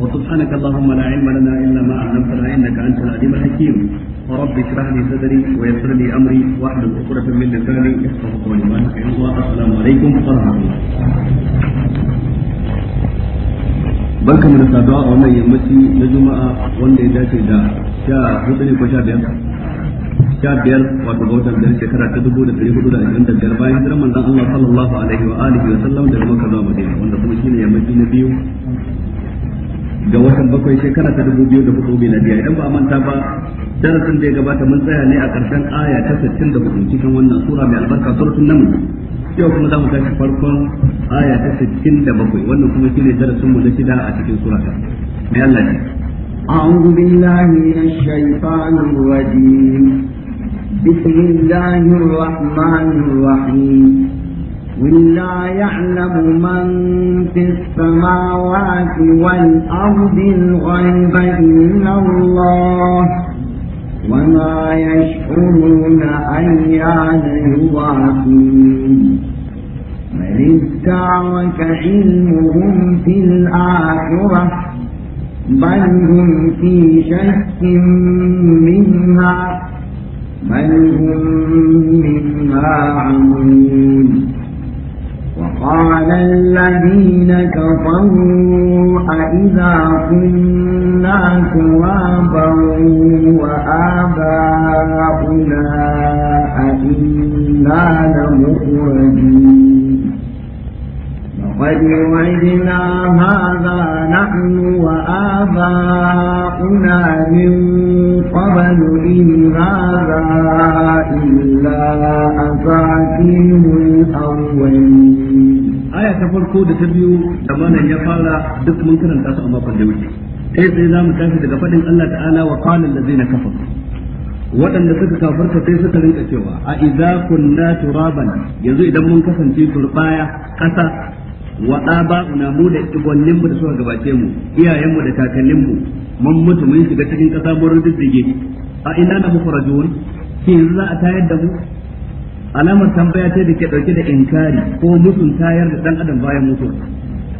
وسبحانك اللهم لا علم لنا إلا ما علمتنا إنك أنت العليم الحكيم رب اشرح لي صدري ويسر لي امري واحلل عقدة من لساني يفقهوا قولي السلام عليكم ورحمة الله barka mu da saduwa a wannan yammaci na juma'a wanda ya dace da sha hudu ne ko sha biyar sha biyar wato ga watan biyar shekara ta dubu da dari hudu da ashirin da biyar bayan hijirar manzon Allah sallallahu alaihi wa alihi wa sallam daga Makka zuwa Madina wanda kuma shine yammaci na biyu ga watan bakwai shekara ta dubu biyu da hudu biyar idan ba a manta ba darasin da ya gabata mun tsaya ne a ƙarshen aya ta sittin da hudu cikin wannan sura mai albarka suratun namu yau kuma za mu tashi farkon aya ta sittin da bakwai wannan kuma ne darasin mu na shida a cikin sura ta mai Allah ne أعوذ بالله من الشيطان الرجيم بسم الله الرحمن الرحيم ولا يعلم من في السماوات والأرض الغيب إلا الله وما يشعرون أيان يبعثون بل ادارك علمهم في الآخرة بل هم في شك منها بل هم منها عمون قال الذين كفروا أإذا كنا ترابا وآباؤنا أئنا لمخرجين لقد وعدنا هذا نحن وآباؤنا من قبل إن هذا إلا أساطير الأولين aya ta farko da ta biyu da malam ya fara duk mun karanta su a makon da wuce kai sai za mu tashi daga faɗin Allah ta'ala wa qala allazina kafaru waɗanda suka kafarta sai suka rinka cewa a idza kunna turaban yanzu idan mun kasance turbaya ƙasa wa aba'una mu da ibonnin mu da suka gabace mu iyayen mu da kakannin mu mun mutu mun shiga cikin kasa mun ruddige a ina na mufrajun shin yanzu za a tayar da mu alamar tambaya ce da ke dauke da inkari ko mutum tayar da dan adam bayan mutu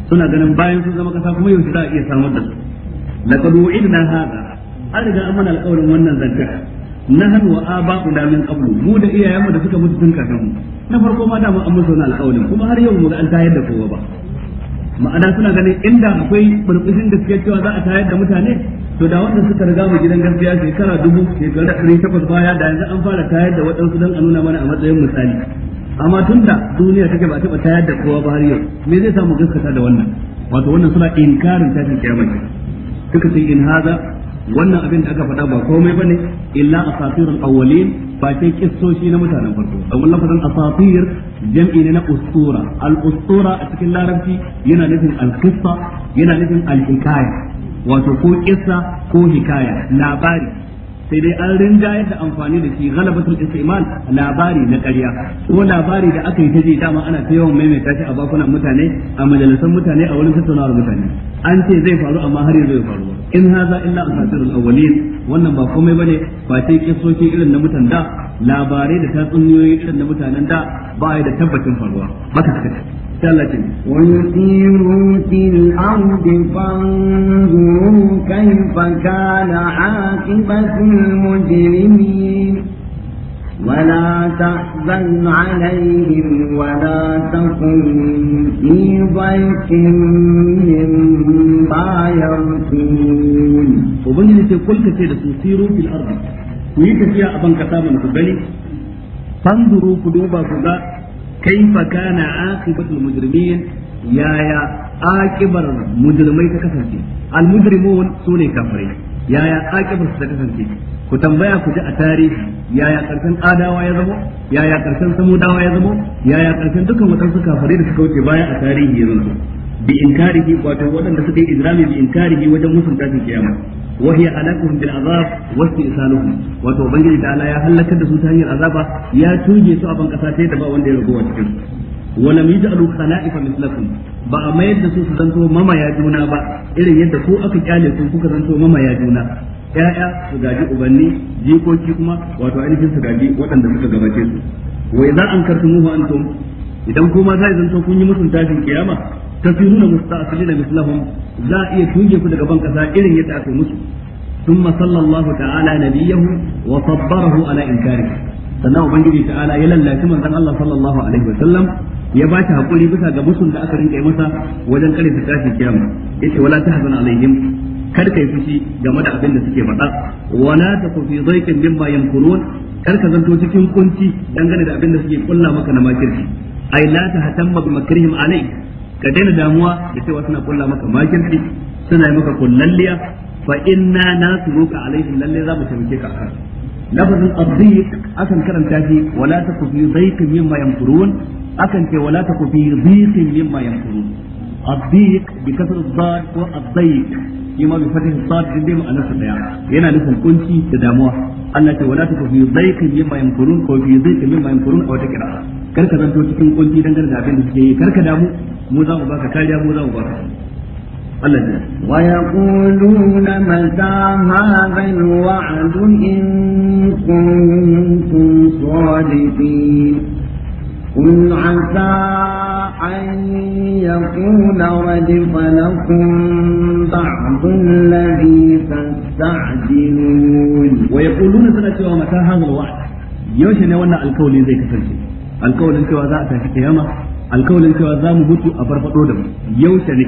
suna ganin bayan sun zama kasa kuma yaushe za a iya samar da su laqad wu'idna hada an riga an mana alƙawarin wannan zanta nahnu wa aba'una min qablu mu da iyayenmu da suka mutu tun kafin mu na farko ma da mu an musu wannan alƙawarin kuma har yau mu ga an tayar da kowa ba ma'ana suna ganin inda akwai burbushin da suke cewa za a tayar da mutane to da wanda suka riga mu gidan gaskiya shekara dubu shekara ɗari takwas baya da yanzu an fara tayar da waɗansu don a nuna mana a matsayin misali amma tun da duniya take ba taɓa tayar da kowa ba har yau me zai samu gaskata da wannan wato wannan suna inkarin tashin kiyama ne suka ce in haza wannan abin da aka faɗa ba komai bane illa asatirul awwalin ba sai kissoshi na mutanen farko domin lafazin asatir jam'i ne na ustura al ustura a cikin larabci yana nufin al qissa yana nufin al hikaya wato ko kissa ko hikaya labari sai dai an rinjaye da amfani da shi ghalabatul istimal labari na ƙarya ko labari da aka yi ta ji dama ana ta yawan maimaita shi a bakunan mutane a majalisan mutane a wurin tattaunawar mutane an ce zai faru amma har yanzu ya faru in haza illa asatirul awwalin wannan ba komai bane ba sai kisoshi irin na mutan da labarai da tatsuniyoyi irin na mutanen da ba ya da tabbacin faruwa ba ta ce sai Allah ce wa yusiru fil ardi fanzuru kayfa kana aqibatul mujrimin ولا تحزن عليهم ولا تكن في ضيق مما يرسلون وبنجد تقول كثير تسيروا في الأرض ويك فيها أبن كتابا نقبلي فانظروا قلوب الرضا كيف كان عاقبة المجرمين يا يا عاقبة مجرمي تكسنتي المجرمون سوني كافرين يا يا عاقبة تكسنتي ku tambaya ku ji a tarihi yaya karshen adawa ya zama yaya karshen samudawa ya zama yaya karshen dukkan waɗansu kafirai da suka wuce baya a tarihi ya zama bi inkarihi wato waɗanda suka yi idrami bi inkarihi wajen musun tashin kiyama wa hiya alaquhum bil azab wa istisaluhum wato ubangiji da ala ya halakar da su ta hanyar azaba ya tuje su a ban da ba wanda ya rago a cikin ولم يجعلوا خلائف مثلكم ba a mayar da su su zanto mamaya juna ba irin yadda ko aka kyale su kuka zanto mamaya juna ya'ya su gaji ubanni jikoki kuma wato ainihin su gaji waɗanda suka gabace su wa za an kartu muhu antum idan kuma za zanto kun yi musun tashin kiyama asali musta'silina mislahum za a iya tuge ku daga ban kasa irin yadda aka musu ثم صلى الله تعالى نبيه وصبره على انكاره sannan ubangiji ta'ala ya lallaci manzan Allah sallallahu alaihi wa sallam ya ba shi hakuri bisa ga musun da aka rinka masa wajen kare ta tashi kiyama yace wala tahzan alaihim kar kai fushi game da abin da suke faɗa wala taku fi dhaikin mimma yamkurun kar ka zanto cikin kunci dangane da abin da suke kulla maka na makirci ai la ta hatamma bi makrihim alai ka daina damuwa da cewa suna kulla maka makirci suna yi maka kullalliya fa inna nasruka alaihim lalle za mu taimake ka akan lafazin abdiq akan karanta shi wala taku fi dhaikin mimma yamkurun akan ce wala taku fi dhaikin mimma yamkurun الضيق بكسر الضاد والضيق يما بفتح الصاد جدا ما أنا سبيا ينا نفهم كنتي تداموا أن تولات في ضيق مما ينفرون أو في ضيق مما ينفرون أو تكرا كركا زنتو تكون كنتي دنجر دابين تكيه كركا دامو موزا مباكا كاليا موزا مباكا ويقولون متى هذا الوعد إن كنتم صادقين قل عسى أن يكون ردف لكم بعض الذي تستعجلون ويقولون سنة ومتى هذا الوعد yaushe ne wannan alkawali zai kasance alkawalin cewa za a tafi kiyama alkawalin cewa za mu mutu a da mu yaushe ne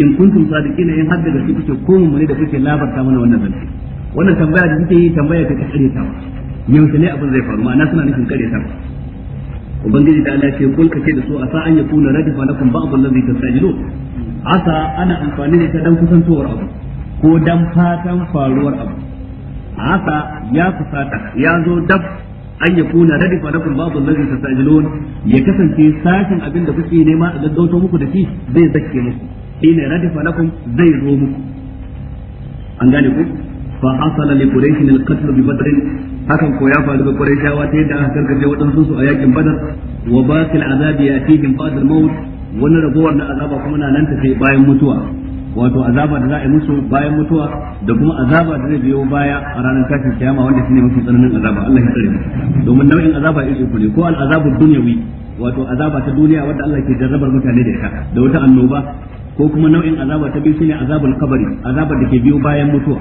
in kuntum sadiqina in har da gaske ko mun da kuke labarta mana wannan zance wannan tambaya da kuke yi tambaya ta kare ta yaushe ne abin zai faru ma'ana suna nufin kare ta ubangiji da Allah ce kul kace da su asa an yakuna radifa lakum ba'd allazi tastajilun asa ana amfani da ta dan kusantowar abu ko dan fatan faruwar abu asa ya kusata ya zo dab an ya kuna radifa lakum ba'd allazi tastajilun ya kasance sakin abin da kuke nema a gaggauto muku da shi zai zake muku shine radifa lakum zai zo muku an gane ku fa hasala li quraishin al qatl bi badr hakan ko ya faru da shawa ta yadda aka karkace waɗansu su a yakin Badar wa baqil azabi yatihim ba'd al-maut wani ragowar na azaba kuma na nan tafi bayan mutuwa wato azaba da za a yi musu bayan mutuwa da kuma azaba da zai biyo baya a ranar tashin kiyama wanda shine mafi tsananin azaba Allah ya tsare domin nau'in azaba ya uku ne ko al-azabu dunyawi wato azaba ta duniya wadda Allah ke jarrabar mutane da ita da wata annoba ko kuma nau'in azaba ta biyu shine azabul qabri azabar da ke biyo bayan mutuwa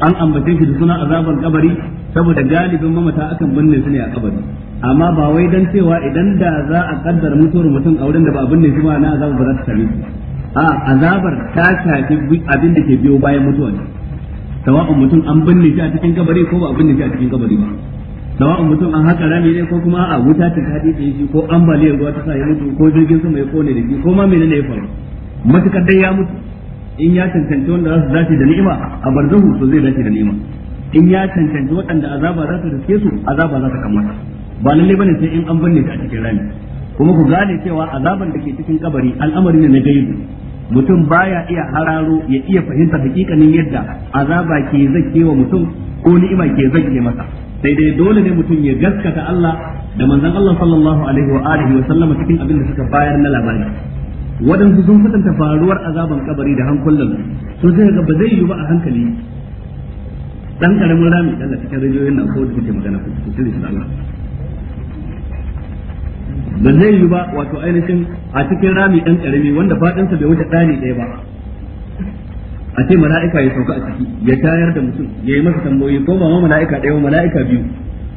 an ambace shi da suna azabar kabari saboda galibin mamata akan binne su ne a kabari amma ba wai dan cewa idan da za a kaddara mutuwar mutum a wurin da ba binne shi ba na azabar ba za ta same shi a azabar ta shafi abin da ke biyo bayan mutuwar ne sawa'un mutum an binne shi a cikin kabari ko ba a binne shi a cikin kabari ba sawa'un mutum an haka rami ne ko kuma a wuta ta kaɗe shi ko ambaliyar ruwa ta sa ya mutu ko jirgin sama ya kone da shi ko ma menene ya faru matukar dai ya mutu in ya cancanci wanda za su dace da ni'ima a barzahu to zai dace da ni'ima in ya cancanci waɗanda azaba za su riske su azaba za ta kammata ba lalle bane sai in an binne ta a cikin rami kuma ku gane cewa azaban da ke cikin kabari al'amari ne na gaibi mutum baya iya hararo ya iya fahimta hakikanin yadda azaba ke zake wa mutum ko ni'ima ke zake masa sai dai dole ne mutum ya gaskata Allah da manzon Allah sallallahu alaihi wa alihi wa sallama cikin abin da suka bayar na labari waɗansu sun kwatanta faruwar azaban kabari da hankulan su sun ga ba zai yi ba a hankali dan karamin rami dan cikin rajoyin nan ko da kuke magana ku ku tsiri da Allah ba zai yi ba wato ainihin a cikin rami dan karami wanda fadinsa bai wuce ɗani ɗaya ba a ce mala'ika ya sauka a ciki ya tayar da mutum ya yi masa tambayoyi ko ba ma mala'ika ɗaya ba mala'ika biyu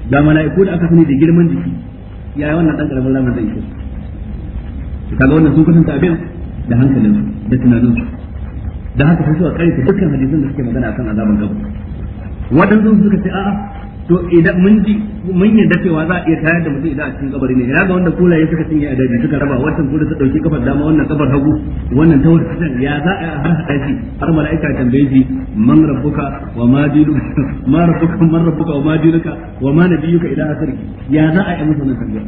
da mala'iku da aka sani da girman jiki ya yi wannan dan karamin rami zai yi kaga wannan sun kusanta abin da hankalin da tunanin su da haka sai suka karanta dukkan hadisin da suke magana akan azaban kabari waɗansu suka ce a'a to idan mun ji mun yadda cewa za a iya tayar da mutum idan a cikin kabari ne ina ga wanda kulaye suka cinye a daji suka raba wannan kula ta dauki kafar dama wannan kabar hagu wannan ta wata kasan ya za a har hada shi har mala'ika ya tambaye shi man rabbuka wa ma dinuka ma rabbuka man rabbuka wa ma dinuka wa ma nabiyuka idan asri ya za a yi musu wannan tambaya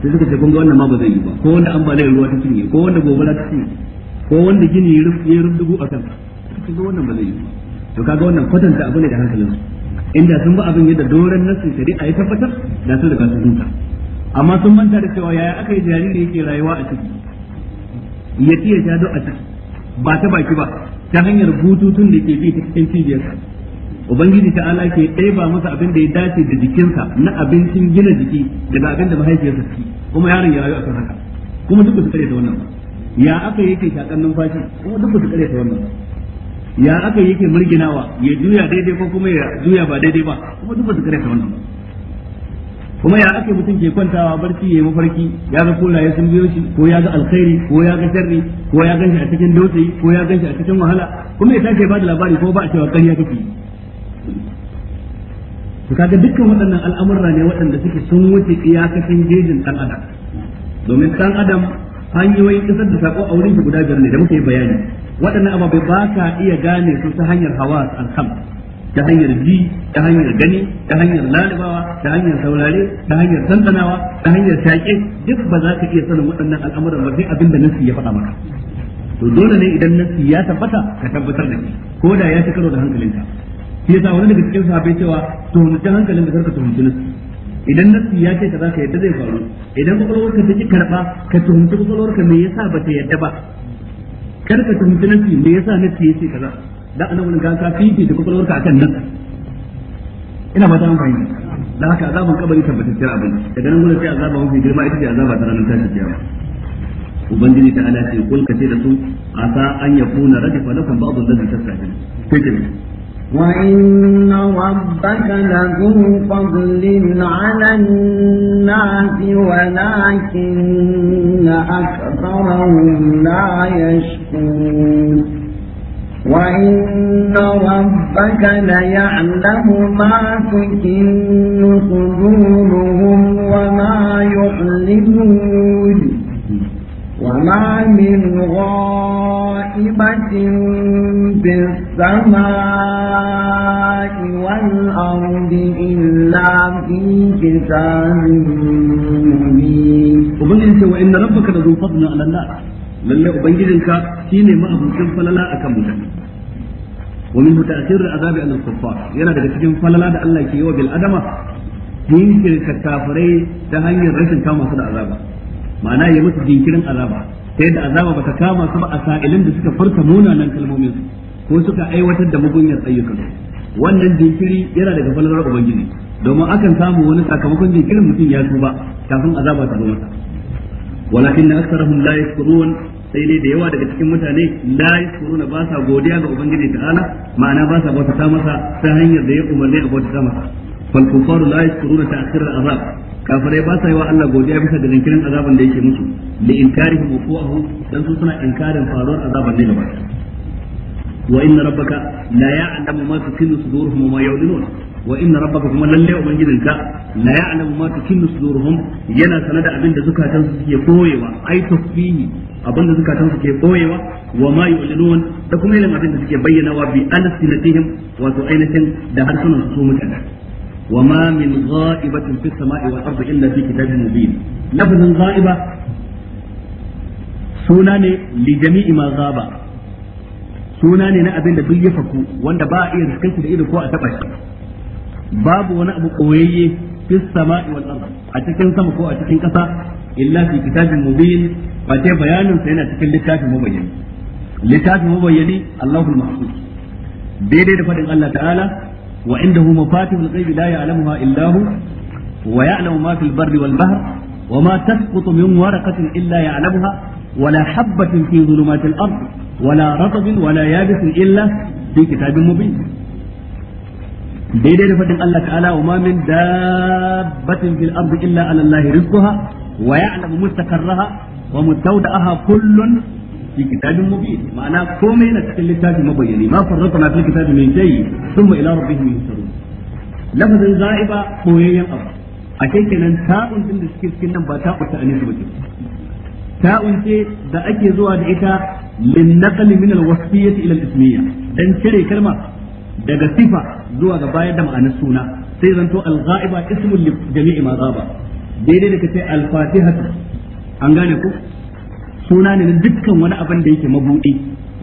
sai suka ce kun ga wannan ma ba zai yi ba ko wanda ambaliyar ruwa ta cinye ko wanda gobara ta cinye ko wanda gini ya dubu a kan kun ga wannan ba zai yi ba to kaga wannan kwatanta abu ne da hankalin inda sun ba abin yadda doren nasin shari'a ya tabbatar da sun riga sun huta amma sun manta da cewa yaya aka yi jariri yake rayuwa a ciki ya tiya ya a ciki ba ta baki ba ta hanyar bututun da ke bi ta cikin cibiyar ubangiji ta ala ke ba masa abin da ya dace da jikinsa na abincin gina jiki daga abin da mahaifiyarsa ciki kuma yaron ya rayu kan haka kuma duk su karyata ta wannan ya aka yake shakan numfashi kuma duk su karyata ta wannan ya aka yake murginawa ya juya daidai ko kuma ya juya ba daidai ba kuma duk su karyata ta wannan kuma ya aka mutum ke kwantawa barci ya yi mafarki ya ga kola sun biyo shi ko ya ga alkhairi ko ya ga sharri ko ya ganshi a cikin dutse ko ya ganshi a cikin wahala kuma ya tashi ba da labari ko ba a cewa ƙarya kake to kaga dukkan waɗannan al'amurra ne waɗanda suke sun wuce iyakacin jejin ɗan adam domin ɗan adam hanyoyin isar da sako a wurin guda biyar ne da muke bayani waɗannan ababai ba ka iya gane su ta hanyar hawa alham ta hanyar ji ta hanyar gani ta hanyar lalibawa ta hanyar saurare ta hanyar tantanawa ta hanyar shaƙe duk ba za ka iya sanin waɗannan al'amuran ba sai abin da nasi ya faɗa maka to dole ne idan nasi ya tabbata ka tabbatar da shi ko da ya ci karo da hankalinka shi yasa wani daga cikin sahabbai cewa to mu ta hankalin da karka tuhumci nasu idan nasu ya ce kaza ka yadda zai faru idan kwakwalwar ka take karba ka tuhumci kwakwalwar ka me yasa ba ta yadda ba kar ka tuhumci nasu me yasa nasu ya ce kaza dan annabi ga ka fifi da kwakwalwar ka akan nasu ina ba ta amfani da haka azabun kabari tabbatacciyar abin daga nan gudun sai azaba mafi girma ita ce azaba ta ranar tashi kiyama ubangiji ta ala ce kul ka ce da su asa an yakuna radifa lakum ba'd alladhi tastahil وإن ربك لذو فضل على الناس ولكن أكثرهم لا يشكرون وإن ربك ليعلم ما تكن صدورهم وما يعلمون وما من غائبة في السماء والأرض إلا في كتاب مبين وبنجد وإن ربك لذو فضل على الناس lalle ubangijinka shine ma'abucin falala akan mutane wa min mutaakhir azabi al kuffar yana daga cikin falala da Allah ke yi bil'adama? bil adama kafirai ta hanyar rashin kama su da azaba ma'ana ya musu jinkirin azaba ta yadda azaba bata kama su ba a sa'ilin da suka farka munanan kalmomin su ko suka aiwatar da mugunyar ayyukan wannan jinkiri yana daga falalar ubangiji domin akan samu wani sakamakon jinkirin mutum ya tuba kafin azaba ta zo masa walakin aktharuhum la yashkurun sai dai da yawa daga cikin mutane la yashkuruna ba sa godiya ga ubangiji ta'ala ma'ana ba sa bauta masa ta hanyar da ya umarni a bauta masa fal kufaru la yashkuruna ta'khir al-azab kafirai ba sa yi wa Allah godiya bisa da jinkirin azaban da yake musu li inkarihim wa fu'ahu dan su suna inkarin faruwar azaban ne gaba وإن ربك لا يعلم ما تكن صدورهم وما يعلنون وإن ربك هم لله ومن جدنك لا يعلم ما تكن صدورهم ينا سند أبن ذكا تنسك يقويوا أي تخفيه أبن ذكا تنسك يقويوا وما يعلنون تكم إلى أبن ذكا بينوا بألسنتهم وتعينة دهرسنا سومك أنا وما من غائبة في السماء والأرض إلا في كتاب مبين لفظ غائبة سنة لجميع ما غاب suna ne na abin da duk ya faku wanda ba a iya riskar da ido ko a taba shi babu wani abu koyayye fi sama'i wal a cikin sama ko a cikin kasa illa fi kitabin mubin ba sai bayanin sa yana cikin littafin mubayyani littafin mubayyani Allahul mahfuz daidai da fadin Allah ta'ala wa indahu mafatihul ghaibi la ya'lamuha illa hu wa ya'lamu ma fil barri wal bahr وما تسقط من ورقة إلا يعلمها ولا حبة في ظلمات الأرض ولا رطب ولا يابس إلا في كتاب مبين daidai da faɗin Allah ta'ala wa ma min dabbatin fil ardi illa ala Allah rizquha wa ya'lamu mustaqarraha wa mustawda'aha kullun fi kitabin mubin ma'ana komai na cikin littafi mabayyani ma farratna fil kitabi min shay thumma ila rabbihim yusarun lafazin za'iba boyayyen abu a kenan ta'un da suke cikin nan ba ta'u ta'un ce da ake zuwa da ita lin naqli min al wasfiyyah ila al ismiyya dan cire kalma daga sifa zuwa ga bayar da ma'anar suna sai zanto al ghaiba ismun li jami'i ma ghaba daidai da kace al fatihatu an gane ku suna ne dukkan wani abin da yake mabudi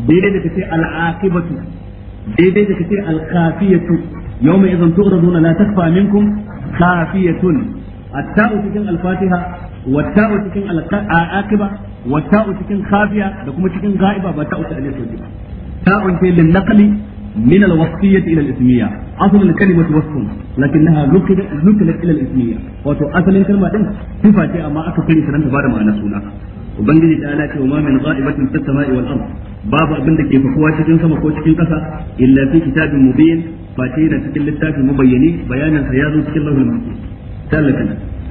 daidai da kace al aqibatu daidai da kace al kafiyatu yawma idan tu'raduna la takfa minkum kafiyatun at-ta'u cikin al fatiha wata'u cikin al'aqiba wata'u cikin khafiya da kuma cikin ga'iba ba ta'u ta alisa ba ta'un ce lin naqli من الوصية إلى الإسمية أصل الكلمة وصف لكنها نقلت إلى الإسمية وتو أصل الكلمة دين صفة أما أكثر سنة بعد ما نسونا وبنجد تعالى وما من غائبة في السماء والأرض باب أبن دكي فكوا شكين سما كوا شكين كسا إلا في كتاب مبين فاتينا تكل التاك المبينين بيانا سيازو تكل الله المحكي ثالثا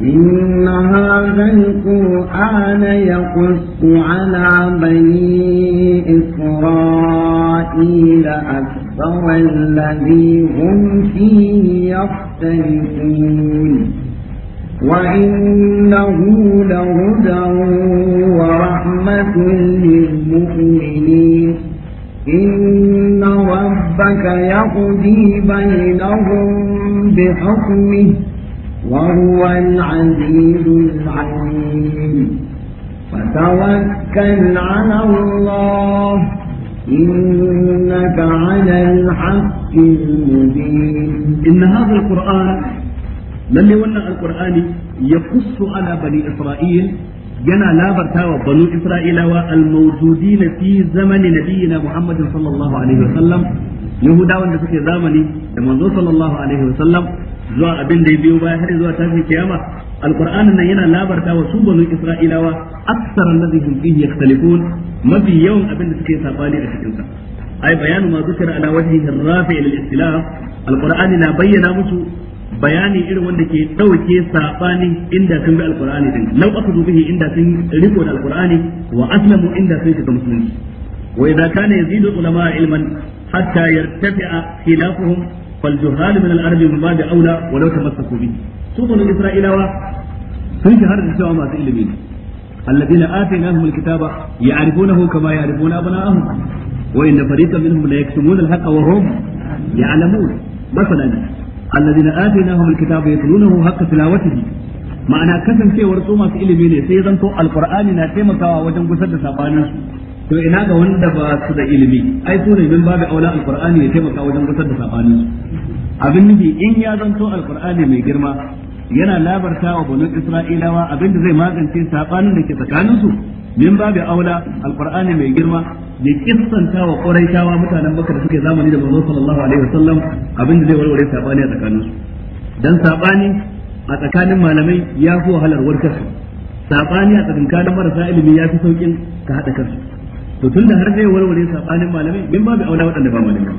إن هذا القرآن يقص على بني إسرائيل أكثر الذي هم فيه يختلفون وإنه لهدى ورحمة للمؤمنين إن ربك يقضي بينهم بحكمه وهو العزيز العليم فتوكل على الله إنك على الحق المبين إن هذا القرآن لم يولى القرآن يقص على بني إسرائيل yana labarta wa banu isra'ilawa almawjudi na fi zamani nabiyina muhammadin sallallahu alaihi wasallam yahudawan da suke zamani da manzo sallallahu alaihi zuwa abin da ya biyo baya har zuwa tashin kiyama alqur'anin nan yana labarta wa su banu isra'ilawa aksar allazi hum fihi yakhtalifun mafi yawan abin da suke sabani a cikin sa ai bayanu ma zukira ala wajhihi rafi lil istilah alqur'ani na bayyana musu bayani irin wanda ke ɗauke saɓani inda sun bi alkur'ani din lau aka bihi inda sun riko da alkur'ani wa aslamu inda sun shiga musulunci wa idza kana yazidu ulama ilman hatta yartafi'a khilafuhum فالجهال من العرب من باب اولى ولو تمسكوا به ثم الاسرائيل سن شهر ان شاء الله الذين اتيناهم الكتاب يعرفونه كما يعرفون ابناءهم وان فريقا منهم لا ليكتمون الحق وهم يعلمون مثلا الذين اتيناهم الكتاب يتلونه حق تلاوته معنى كثم في ورسوما في إلمين سيظن القرآن لا تيم سوا وجن قسد سابانو تو إناغ وندفع سد إلمين أي سوري من باب أولاء القرآن لا تيم سوا وجن قسد abin nufi in ya zanto alkur'ani mai girma yana labarta wa banu isra'ilawa abin da zai magance sabanin da ke tsakanin su min babu aula alkur'ani mai girma ya kissanta wa quraishawa mutanen baka da suke zamani da manzo sallallahu alaihi wasallam abin da zai warware sabani a tsakanin su dan sabani a tsakanin malamai ya fi wahalar warkar su sabani a tsakankanin marasa ilimi ya fi saukin ka hada kansu to tunda har zai warware sabanin malamai min babu aula waɗanda ba malamai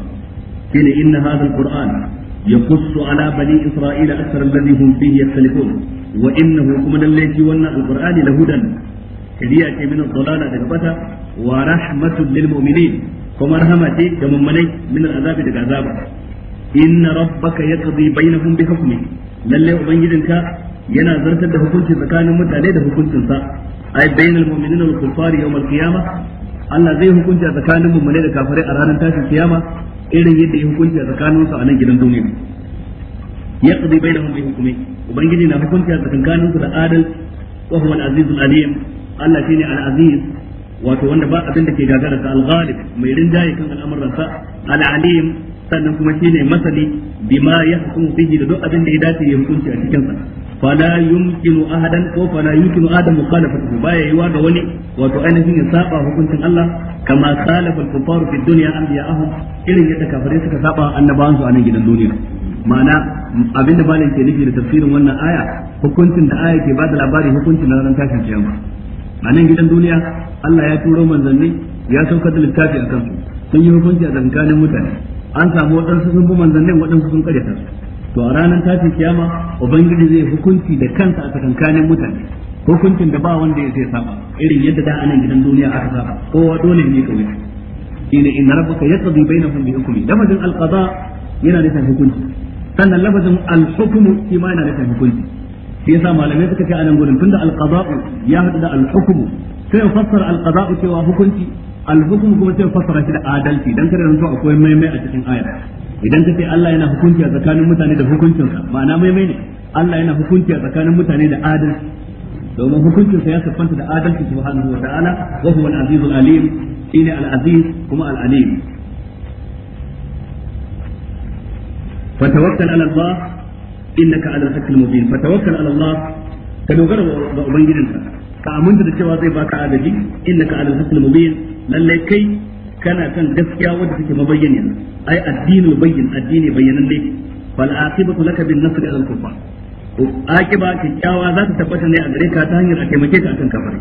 shine inna hadha alquran يقص على بني إسرائيل أكثر الذي هم فيه يختلفون وإنه كما الذي ولنا القرآن لهدى shari'a ce min dalala daga bata wa rahmatul mu'minin kuma rahama ce ga mummunai min azabi daga azaba inna rabbaka yaqdi bainahum bi hukmi lalle ubangijinka yana zartar da hukunci tsakanin mutane da hukuncin sa ai bainal mu'minin wal kufar yawm Allah zai hukunta tsakanin mummunai da kafirai a ranar tashin kiyama irin yadda ya hukunci a tsakanin su a nan gidan duniya ya bai da bi hukmi ubangiji na hukunci a tsakanin su da adal wa huwa al-aziz al-alim Allah shine al-aziz wato wanda ba abin da ke gagara sa al-ghalib mai rinjaye kan al'amuransa al-alim sannan kuma shine masali bima ya hukumu fihi da duk abin da ya dace ya hukunci a cikin sa fala yumkinu ahadan ko fala yumkinu adam mukhalafatu baya yiwa ga wani wato ainihin ya saba hukuncin Allah kama khalafa al-kuffar fi dunya anbiya'ahum irin yadda kafirai suka saba annabawansu a nan gidan duniya ma'ana abinda malam ke nufi da tafsirin wannan aya hukuncin da aya ke ba da labari hukuncin na ranar tashin kiyama a nan gidan duniya Allah ya turo manzanni ya saukar da littafi a kansu sun yi hukunci a tsakanin mutane an samu waɗansu sun bi manzannin waɗansu sun karyata su to a ranar tashin kiyama ubangiji zai hukunci da kansa a tsakankanin mutane hukuncin da ba wanda ya zai saba irin yadda da anan gidan duniya aka saba kowa dole ne ka wuce. ina inna rabbuka yaqdi bainahum bi hukmi lafazin alqada yana nufin hukunci sannan lafazin alhukmu shi ma yana nufin hukunci shi yasa malamai suka ce anan gurin tunda alqada ya hadu da alhukmu sai fassara alqada cewa hukunci al-hukm kuma sai fassara shi da adalci dan kada zanto akwai maimai a cikin ayar idan ka ce Allah yana hukunci a tsakanin mutane da hukuncin hukuncinsa ma'ana maimai ne Allah yana hukunci a tsakanin mutane da adalci domin hukuncinsa ya siffanta da adalci subhanahu wa ta'ala wa huwa al-aziz al-alim ina al-aziz kuma al-alim فتوكل على الله إنك على الحق المبين فتوكل على الله كدوغر وبنجدنك ka aminta da cewa zai baka agaji ka ala hasil mubin lallai kai kana kan gaskiya wanda take mabayyana ai addinul bayyin addini bayyanan ne fal aqibatu laka bin nasr ala al-kuffar aqiba kikkiawa za ta tabbata ne a gare ka ta hanyar a taimake ka akan kafare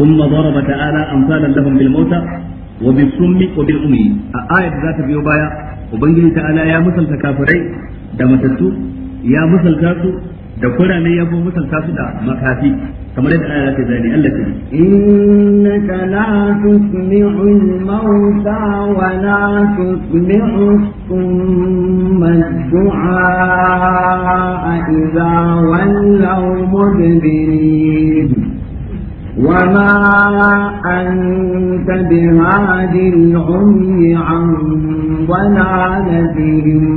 ثم ضرب تعالى امثالا لهم ummi. A وبالأم za ta biyo baya ubangiji ta'ala ya musalta kafirai da matattu ya musalta su da kurame ya kuma mutunta tasu da makafi kamar yadda Allah ta zani Allah ta innaka la tusmi'u al-mauta wa la tusmi'u summa du'a idza wallaw mudbirin وما أنت بهاد العمي عن ضلالتهم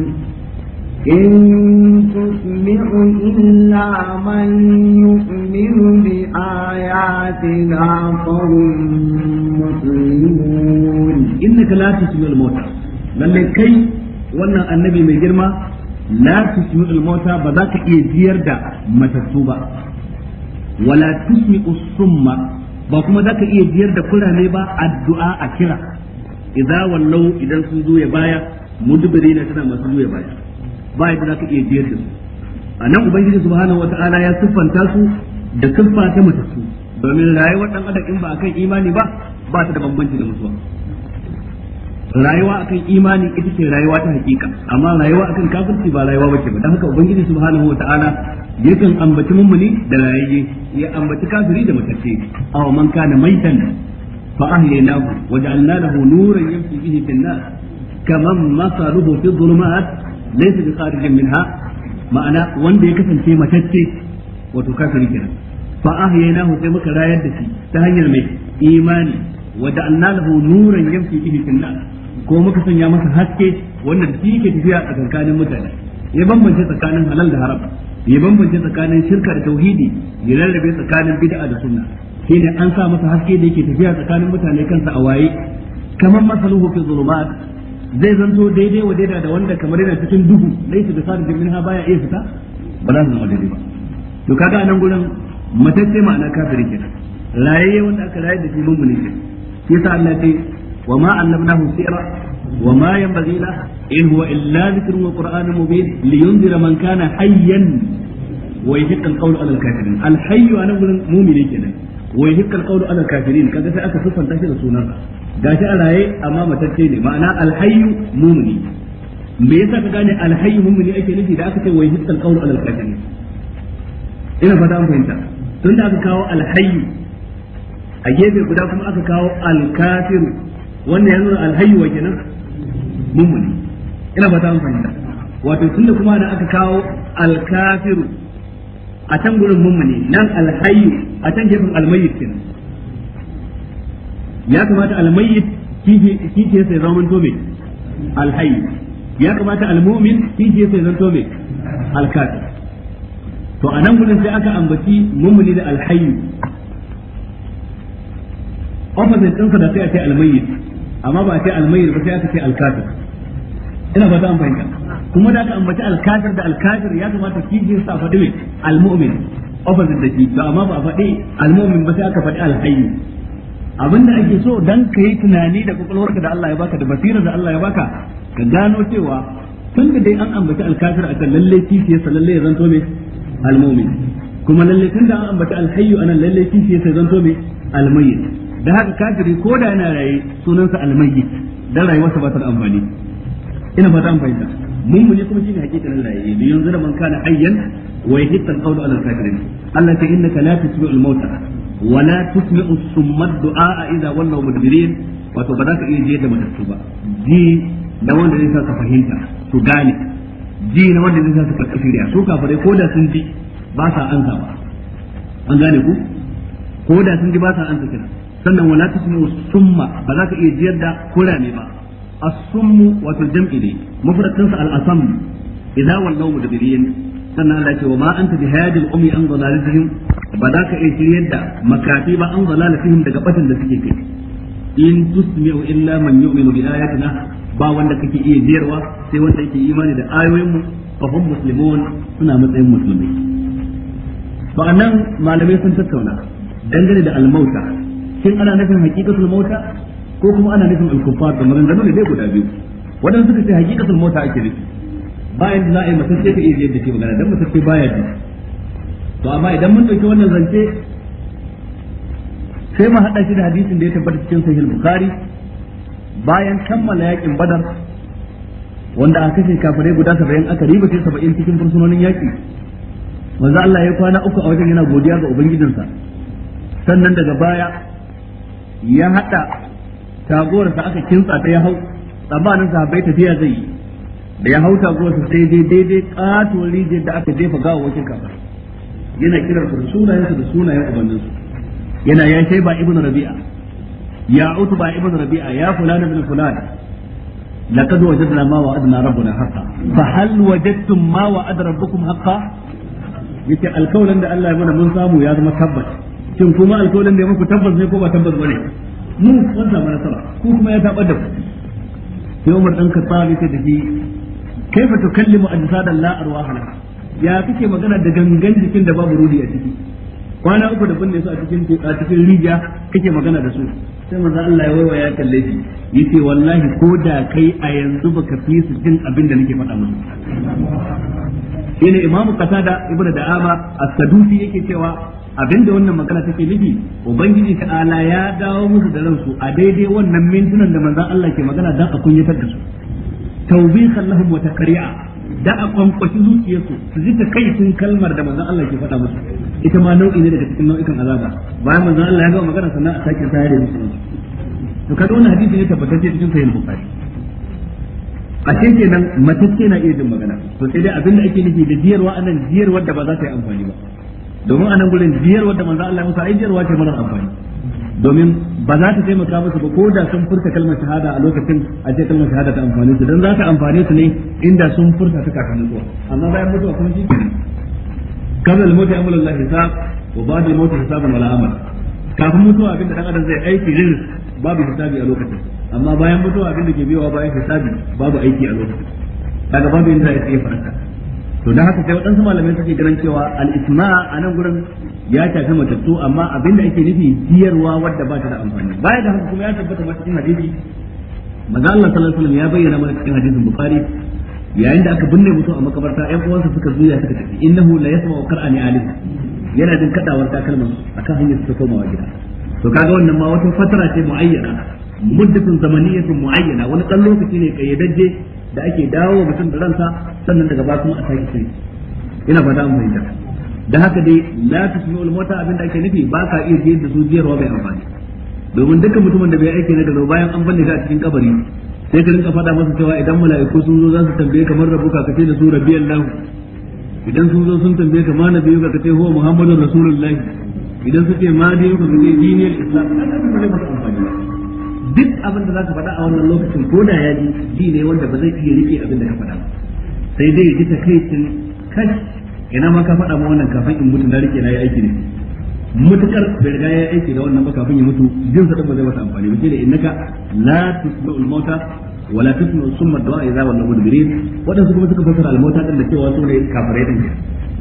Kin tusmi in kai wannan annabi mai girma, latin suna ilmota ba za ba. kuma za ka iya biyar da kula ba, addu'a a kira. Iza wallau idan sun zo ya baya, mudubirina tana masu zuya baya. ba yadda za ka iya jiyar da su a nan ubangiji subhanahu wata'ala ya siffanta su da siffa ta matattu domin rayuwar dan adam in ba akan imani ba ba ta da bambanci da mutuwa rayuwa akan imani ita ce rayuwa ta hakika amma rayuwa akan kafirci ba rayuwa bace ba dan haka ubangiji subhanahu wataala yakan ambaci mummuni da rayayye ya ambaci kafiri da matacce aw man kana maitan fa ahyaynahu wa ja'alna lahu nuran yamshi bihi fil nas kaman masaluhu fi dhulumat laysa bi kharijin minha ma'ana wanda ya kasance matacce wato kafiri kenan fa ahyaynahu sai muka rayar da ta hanyar mai imani wa da'alna lahu nuran yamshi bihi fil ko muka sanya masa haske wanda da shi tafiya a tsakanin mutane ya bambance tsakanin halal da haram ya bambance tsakanin shirka da tauhidi ya rarrabe tsakanin bid'a da sunna shine an sa masa haske da yake tafiya tsakanin mutane kansa a waye kamar masaluhu fi zulumat zai zanto daidai wa daida da wanda kamar yana cikin duhu laisa da sadin minha baya iya fita ba za su zama daidai ba to kaga a nan gurin matacce ma'ana kafiri kenan laye wanda aka laye da shi mummuni kenan shi yasa Allah ce wa ma annabnahu sira wa ma yanbaghi la in huwa illa dhikrun wa qur'anun mubin liyunzira man kana hayyan wa yahiqqa al-qawlu 'ala al-kafirin al-hayyu anan gurin mu'mini kenan wa yuhiqqal qawlu ala kafirin kaga sai aka sufanta shi da sunan gashi a raye amma matacce ne ma'ana alhayyu mumini me yasa ka gane alhayyu mumini ake nufi da aka ce wa yuhiqqal qawlu ala kafirin ina fata an fahimta tun da aka kawo alhayyu a gefe guda kuma aka kawo alkafiru wannan ya nuna alhayyu wa kenan mumini ina fata an fahimta wato tun da kuma da aka kawo alkafiru a can gurin mumini nan alhayyu a can gefen almayyit kenan ya kamata almayyit shi ke sai zaman tome alhayi ya kamata almu'min shi ke sai zan tome me to a nan gudun sai aka ambaci mummuni da alhayyu opposite ɗinsa da sai a ce almayyit amma ba a ce almayyit ba sai aka ce alkafir ina ba ta an fahimta kuma da aka ambaci alkafir da alkafir ya kamata ke sa faɗi mai almu'min opposite da shi to amma ba a faɗi almomin ba sai aka faɗi alhayyu abinda ake so dan ka yi tunani da kwakwalwarka da Allah ya baka da basira da Allah ya baka ka gano cewa tun da dai an ambaci alkafir kan lalle kishi sa lalle ya zanto mai almomin kuma lalle tun da an ambaci alhayyu nan lalle kishi sa zanto mai almayyit da haka kafiri ko da yana raye sunansa almayyit dan rayuwarsa ba ta da amfani ina fata an fahimta mummuni kuma shine hakikanin rayi li yanzura man kana hayyan wa yahitta al-qawlu ala al-kafirin Allah ta innaka la tusmi'u al-mauta wa la tusmi'u summa ad-du'a idza wallaw mudbirin wato ba za ka iya je da matattu ba ji na wanda zai sa ka fahimta su gane ji na wanda zai sa ka karɓi shirya su kafirai ko da sun ji ba sa an ba an gane ku ko da sun ji ba sa an kira sannan wala tusmi'u summa ba za ka iya jiyar da kurame ba as-summu wato jam'i ne mufradin sa al-asam idza wallaw mudbirin sannan Allah ce wa ma anta bihadil ummi an dalalatihim ba za ka iya shiryar da makafi ba an dalalatihim daga batan da suke kai in tusmi'u illa man yu'minu bi ayatina ba wanda kake iya jiyarwa sai wanda yake imani da ayoyinmu fa hum muslimun suna matsayin musulmai ba malamai sun tattauna dangane da al-mauta ana nufin haqiqatul mota. ko kuma ana nufin al-kuffar da maganganu ne dai guda biyu wadanda suka ce hakikatul mota ake nufi bayan da za a yi masarce ka iya yadda ke magana dan masarce baya ji to amma idan mun dauki wannan zance sai mu hada shi da hadisin da ya tabbata cikin sahih bukhari bayan kammala yakin badar wanda aka kashe kafirai guda 70 aka riba sai 70 cikin fursunonin yaki manzo Allah ya kwana uku a wajen yana godiya ga ubangijinsa sannan daga baya ya hada taguwar sa aka kintsa ta ya hau tsammanin sahabbai tafiya zai yi da ya hau taguwar sa sai dai daidai katuwar rijiyar da aka jefa gawawwakin kafa yana kirar su da sunayen su da sunayen ubannin su yana ya shaiba ibn rabi'a ya utba ibnu rabi'a ya fulana bin fulana لقد وجدنا ما وعدنا ربنا حقا فهل وجدتم ما وعد ربكم حقا yace alkawalin da Allah ya mana mun samu ya zama tabbas shin kuma alkawalin da ya muku tabbas ne ko ba tabbas bane mun kun samu nasara ko kuma ya tabar da ku sai Umar dan Khattab yake da shi kaifa tukallimu ajsadan la arwahala ya kake magana da gangan jikin da babu ruhi a ciki kwana uku da binne su a cikin a cikin rijiya kake magana da su sai manzo Allah ya waiwaya ya kalle shi yace wallahi ko da kai a yanzu baka fi su jin abin da nake faɗa musu shine imamu qatada ibnu da'ama as-sadusi yake cewa abinda wannan magana take nufi ubangiji ta'ala ya dawo musu da ransu a daidai wannan mintunan da manzon Allah ke magana dan a kunyatar da su tawbihan lahum wa taqri'a da a kwankwashi zuciyarsu su ji ta kai sun kalmar da manzon Allah ke faɗa musu ita ma nau'i ne daga cikin nau'ikan azaba bayan manzon Allah ya gama magana sannan a sake yare musu to kada wannan hadisi ne ce cikin sahih bukhari a ce kenan matacce na iya jin magana to sai dai abinda ake nufi da jiyarwa anan jiyarwa da ba za ta yi amfani ba domin a nan gurin biyar wadda manzo Allah musa ai biyarwa ce marar amfani domin ba za ta taimaka musu ba ko da sun furta kalmar shahada a lokacin a ce kalmar shahada ta amfani su dan za ta amfani su ne inda sun furta ta kakanin zuwa amma bayan mutu kuma shi kabla al-maut amru Allah hisab wa ba'da mutu maut hisaban wala amal kafin mutuwa abin da dan adam zai aiki din babu hisabi a lokacin amma bayan mutuwa abin da ke biyowa bayan hisabi babu aiki a lokacin daga babu inda ya fara to dan haka sai waɗansu malamai suke ganin cewa al-isma a nan gurin ya shafi matattu amma abinda ake nufi biyarwa wadda ba ta da amfani baya da haka kuma ya tabbata ma cikin hadisi maza Allah sallallahu alaihi wasallam ya bayyana mana cikin hadisin bukhari yayin da aka binne mutum a makabarta ƴan uwansa suka zuya suka tafi innahu la yasma'u qur'ani alim yana jin kadawar takalman akan hanyar su komawa gida to kaga wannan ma wata fatara ce muayyana muddatun zamaniyatun muayyana wani dan lokaci ne kayyadajje da ake dawo mutum da ransa sannan daga ba kuma a sake sai. ina fata an fahimta da haka dai la tusmi'ul mota abin da ake nufi ba ka iya jiyar da su jiyarwa bai amfani domin dukkan mutumin da bai aiki na gado bayan an balle shi a cikin kabari sai ka rinka faɗa masa cewa idan mala'iku sun zo za su tambaye kamar rabu ka ce da su rabiyan lahu idan sun zo sun tambaye ka ma biyu ka kace huwa muhammadur rasulullahi idan suke ma dai ka ce dinil islam kada ka amfani duk abin da za ka faɗa a wannan lokacin ko da ya ji ji ne wanda ba zai iya rike abin da ka faɗa sai dai ya kai takaicin kash ina ma ka faɗa ma wannan kafin in mutu na rike na yi aiki ne mutukar bai riga ya aiki da wannan ba kafin ya mutu jin sa ba zai masa amfani ba shine innaka la tusma'ul mauta wala tusma'u summa du'a idza wallahu mudbirin wadansu kuma suka fassara al-mauta din da cewa sune kafirai din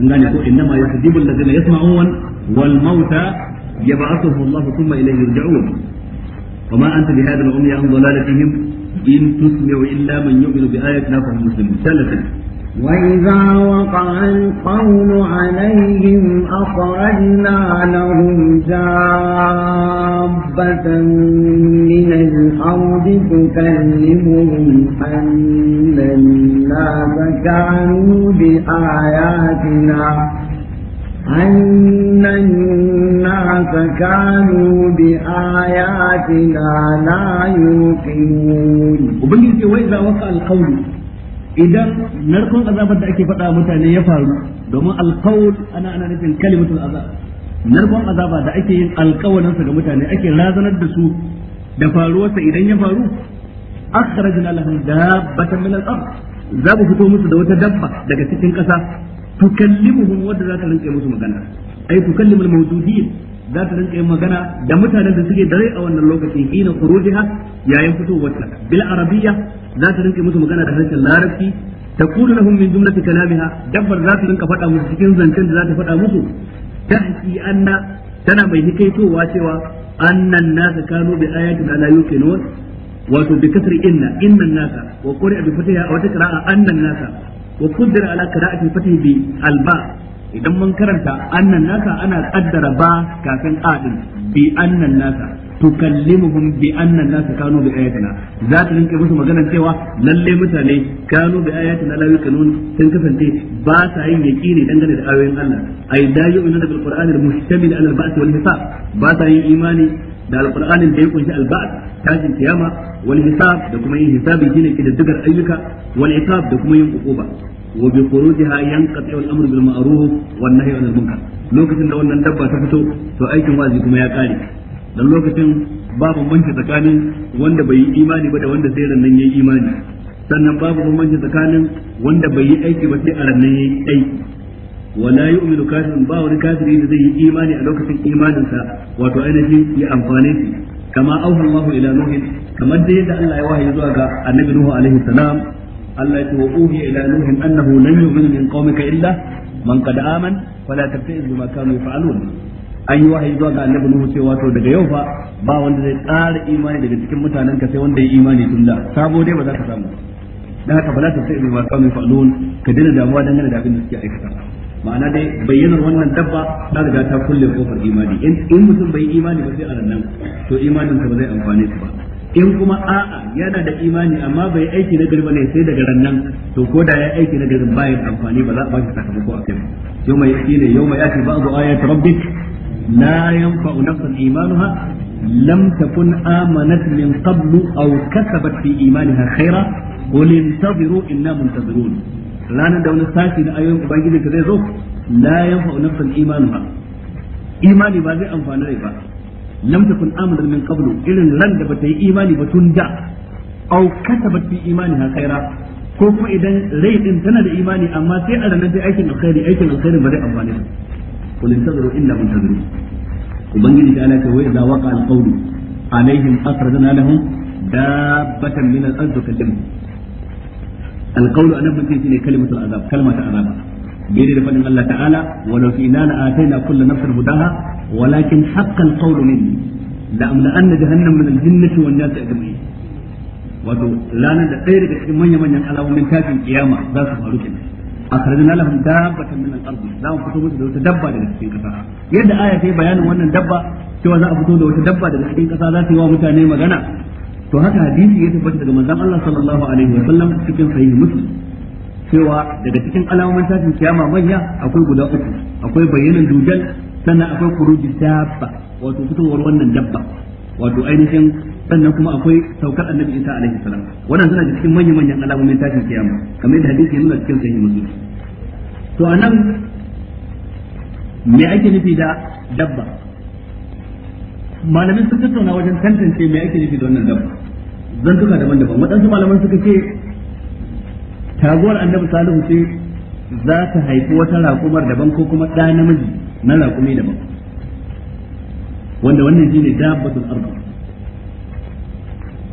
in gane ko inna ma yasjibul ladina yasma'un wal mauta yab'athuhu Allah thumma ilayhi yurja'un وما أنت بهذا العمي عن ضلالتهم إن تسمع إلا من يؤمن بآياتنا فهم مسلمون ثالثا وإذا وقع القول عليهم أخرجنا لهم جابة من الأرض تكلمهم أن الناس كانوا بآياتنا أن الناس كانوا بآياتنا لا يوقنون وبنجي وإذا وقع القول idan narkon azabar da ake faɗa mutane ya faru domin alkawul ana ana nufin kalimatul azab narkon azaba da ake yin alkawalinsa ga mutane ake razanar da su da faruwarsa idan ya faru akhrajna lahum za fito musu da wata dabba daga cikin ƙasa tukallimuhum wadda za ta rinka musu magana ai tukallimul mawjudin za ta rinka magana da mutanen da suke dare a wannan lokacin lokaci ina khurujiha yayin fitowarta bil arabiyya za ta rinka musu magana da harshen larabci تقول لهم من جملة كلامها دبر ذات لنك فتا مسكين زنتين ذات فتا مسو تحكي أن تنا mai hikaito wa cewa annan nasa kanu bi ayatin ala yuqinun wato bi kasri inna innan nasa wa qur'a bi fatiha wa taqra'a annan nasa wa qaddara ala qira'ati fatih bi alba idan mun karanta annan nasa ana kaddara ba kafin a din bi annan nasa tukallimuhum bi annan nasa kanu bi ayatina za ta rinka musu maganar cewa lalle mutane kanu bi ayatina la yuqinun sun kasance ba sa yin yaqini dangane da ayoyin Allah ay da yu'minu bil qur'anil mustamil ala al-ba'th wal hisab ba sa yin imani da alqur'anin da ya kunshi alba'd tashin kiyama wal hisab da kuma yin hisabi shine kididdigar ayyuka wal iqab da kuma yin uquba wa bi khurujiha yanqati al amru bil ma'ruf wan nahyi anil munkar lokacin da wannan dabba ta fito to aikin wazi kuma ya kare dan lokacin babu bambanci tsakanin wanda bai yi imani ba da wanda sai rannan yayi imani sannan babu bambanci tsakanin wanda bai yi aiki ba sai a rannan yayi aiki wala yu'minu kafirun ba wani kafiri da zai yi imani a lokacin imaninsa wato ainihin ya amfane kama auha Allahu ila kamar da Allah ya wahayi zuwa ga annabi nuh alaihi salam Allah ya ce wa uhi ila nuh annahu lan yu'minu min qaumika illa man an yi wahayi zuwa ga annabi nuhu cewa to daga yau fa ba wanda zai tsara imani daga cikin mutanen ka sai wanda ya imani tun da sabo dai ba za ka samu dan haka fala tabta'iz bima kanu yaf'alun ka dina damuwa dangane da abin da suke aikata ma'ana dai bayyanar wannan dabba ta riga ta kulle kofar imani in mutum bai imani ba sai a nan to imanin ba zai amfane shi ba in kuma a'a yana da imani amma bai aiki na garba ne sai daga rannan to ko da ya aiki na garin bayan amfani ba za a bashi sakamako a kai ba yau mai yaki ne yau mai yaki ba'du ayat rabbik la yanfa'u nafsan imanuha lam takun amanat min qablu aw kasabat fi imaniha khaira qul intaziru inna muntazirun ranar da wani sashi na ayoyin ubangiji ka zai zo la yanfa'u nafsan ba imani ba zai amfana rai ba lam takun amalan min qablu irin ran da bata yi imani ba tun da au katabat fi ha khaira ko kuma idan rai din tana da imani amma sai a ranar sai aikin alkhairi aikin alkhairi ba zai amfana ba kullin tazuru illa tazuru ubangiji da ana ce wai da waqa alqawlu alaihim akhrajna lahum dabbatan min al-ardh tukallimuhum alqawlu anan ban shine kalimatul azab kalmatul azab bai da fadin Allah ta'ala walau fi inna la ataina kullu nafsin hudaha walakin haqqal qawlu minni la amla anna jahannam min al-jinnati wan nasi ajma'in wato ranar da ɗaya daga cikin manya-manyan alamomin tashin kiyama za su faru kenan akhrajna lahum dabbatan min al-ardi za mu fito musu da wata dabba daga cikin kasa yadda aya ta yi bayanin wannan dabba cewa za a fito da wata dabba daga cikin kasa za ta yi wa mutane magana to haka hadisi ya tabbata daga manzon Allah sallallahu alaihi wa cikin sahih muslim cewa daga cikin alamomin tashin kiyama manya akwai guda uku akwai bayyanan dujal sannan akwai kuruji dabba wato fitowar wannan dabba wato ainihin sannan kuma akwai saukar annabi isa alaihi salam wannan suna da cikin manyan manyan alamomin tashin kiyama kamar yadda hadisi yana cikin sahih muslim to anan me ake nufi da dabba malamin sun tattauna wajen tantance me ake nufi da wannan dabba zan tuka daban-daban waɗansu malaman suka ce taguwar annabi salihu ce za ta haifi wata raƙumar daban ko kuma ɗa namiji na raƙumi daban wanda wannan shine dabbatul ardh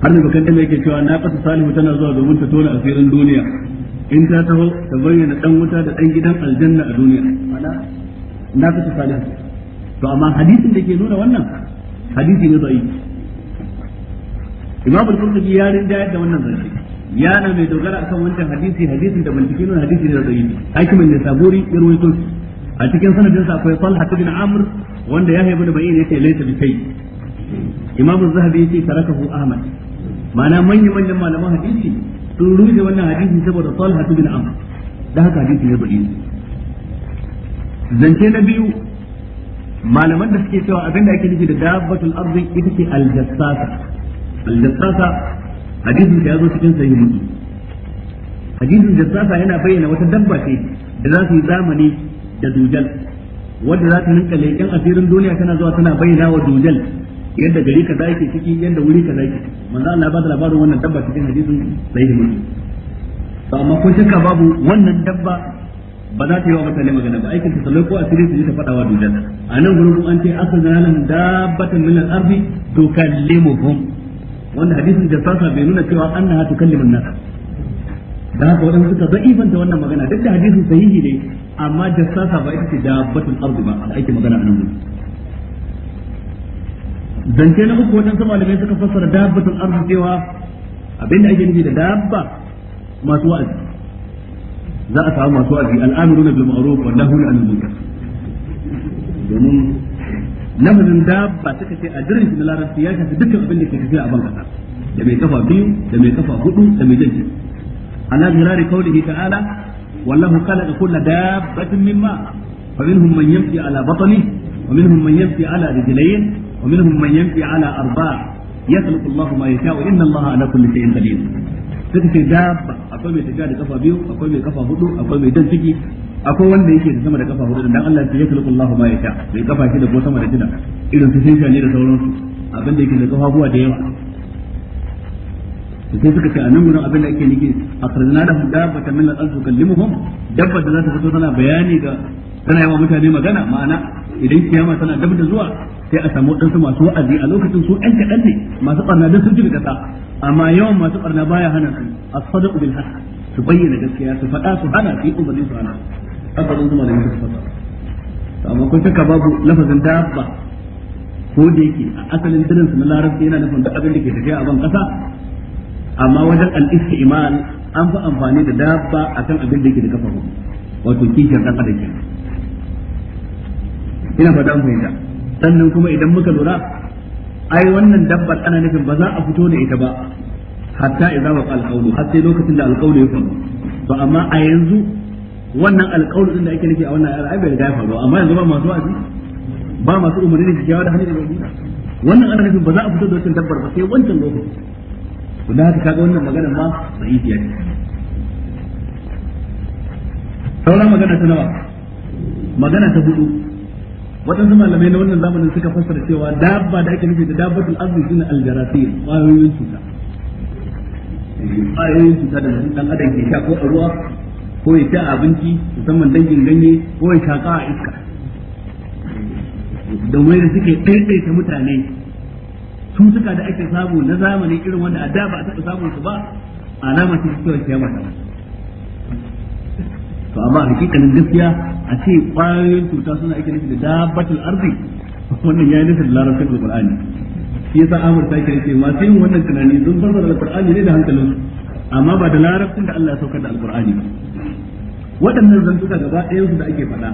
har da bakan dama yake cewa na ƙasa salihu tana zuwa domin ta tona asirin duniya in ta taho ta bayyana ɗan wuta da ɗan gidan aljanna a duniya na ƙasa salihu to amma hadisin da ke nuna wannan hadisi ne zai imam al-qurtubi ya rinda da wannan zance ya na mai dogara akan wancan hadisi hadisin da bincike ne hadisi ne da dayi hakimin ne saburi ya rawaito a cikin sanadin sa akwai talha ibn amr wanda ya haibu da bayin yace laysa bi kai imam az-zahabi yace tarakahu ahmad ma'ana manyan manyan malaman hadisi sun ruje wannan hadisi saboda talha ibn amr da haka hadisi ne dayi zance na biyu malaman da suke cewa abinda ake nufi da dabbatul ardi ita ce aljassasa al-jassasa hadisin ya zo cikin sahih muslim hadisin jassasa yana bayyana wata dabba ce da za su yi zamani da dujal wanda za ta rinka leƙen asirin duniya tana zuwa tana bayyana wa dujal yadda gari ka zaki ciki yadda wuri ka zaki manzo Allah ba da labarin wannan dabba cikin hadisin sahih muslim to amma ko shakka babu wannan dabba ba za ta yi wa mutane magana ba aikin ta saloi ko asiri su yi ta faɗa wa dujal a nan gurin an ce asalin halin dabbatan min al-ardi tukallimuhum wanda hadisin jassasa bai nuna cewa annaha tukallimu an-nas da haka wadanda suka za'ifanta wannan magana duk da hadisin sahihi ne amma jassasa ba ita ce batun ardi ba ake magana a nan gurin zance na uku wajen malamai suka fassara dabbatul ardi cewa abinda ake nufi da dabba masu wa'azi za a samu masu wa'azi al'amiruna bil ma'ruf wa nahuna 'anil munkar domin lafazin dabba suka ce a dirin na larabci ya shafi dukkan abin da ke tafiya a ban kasa da mai kafa biyu da mai kafa hudu da mai jan ciki Allah zirari kaulihi ta'ala wallahu khalaqa kulla dabbatin mimma fa minhum man yamshi ala batni wa minhum man yamshi ala rijlayn wa minhum man yamshi ala arba' yakhluqu Allahu ma yasha'u inna Allaha ala kulli shay'in qadir suka ce dabba akwai mai tafiya da kafa biyu akwai mai kafa hudu akwai mai dan ciki akwai wanda yake da sama da kafa hudu dan Allah ya kalku Allah ma yasha bai kafa shi da ko sama da jina irin su sai ne da sauransu abin da yake da kafa buwa da yawa sai suka ce a nan gurin abin da ake nufi a sarjana da dabba ta min al-ardu kallimuhum dabba da za ta fito tana bayani ga tana yawa mutane magana ma'ana idan kiyama tana dab da zuwa sai a samu wadansu masu wa'azi a lokacin su ɗan kaɗan ne masu ɓarna don sun ji da ƙasa amma yawan masu ɓarna baya hana su a bil haq su bayyana gaskiya su faɗa su hana su yi umarni su hana haka wadansu malamai suka fasa amma ko shakka babu lafazin dabba ko da yake a asalin dirinsa na larabci yana nufin duk abin da ke tafiya a ban kasa amma wajen al-istimal an fi amfani da dabba akan abin da yake da kafa wato kishiyar dan adam kenan ina fata mu fahimta sannan kuma idan muka lura ai wannan dabbar ana nufin ba za a fito da ita ba hatta idza waqa al har sai lokacin da al ya faru to amma a yanzu wannan alƙawar din da ake nufi a wannan ayar ai bai ya faru amma yanzu ba masu wa'azi ba masu umarni da kyawawa da hannun da wannan ana nufin ba za a fito da wancan dabbar ba sai wancan lokacin ku da haka kaga wannan magana ma sai yi ce sauran magana ta nawa magana ta hudu waɗansu malamai na wannan zamanin suka fassara cewa dabba da ake nufi da dabbatul azmi shine aljarasil ƙwayoyin cuta ƙwayoyin cuta da mutum ɗan adam ke sha ko a ruwa ko ya ci abinci musamman dangin ganye ko ya shaƙa a iska da wani da suke ɗaiɗaita mutane suka da ake samu na zamani irin wanda a da ba a taɓa su ba alama ce cewa kiyama ta to amma hakikanin gaskiya a ce ƙwayoyin cuta suna ake nufi da dabbatul arzi wannan ya yi nufi da larabcin ƙurani shi yasa amur ta kira ce masu yin wannan tunani sun da ƙurani ne da hankalin amma ba da larabcin da Allah ya saukar da alƙur'ani ba waɗannan zantuka gaba ɗaya su da ake faɗa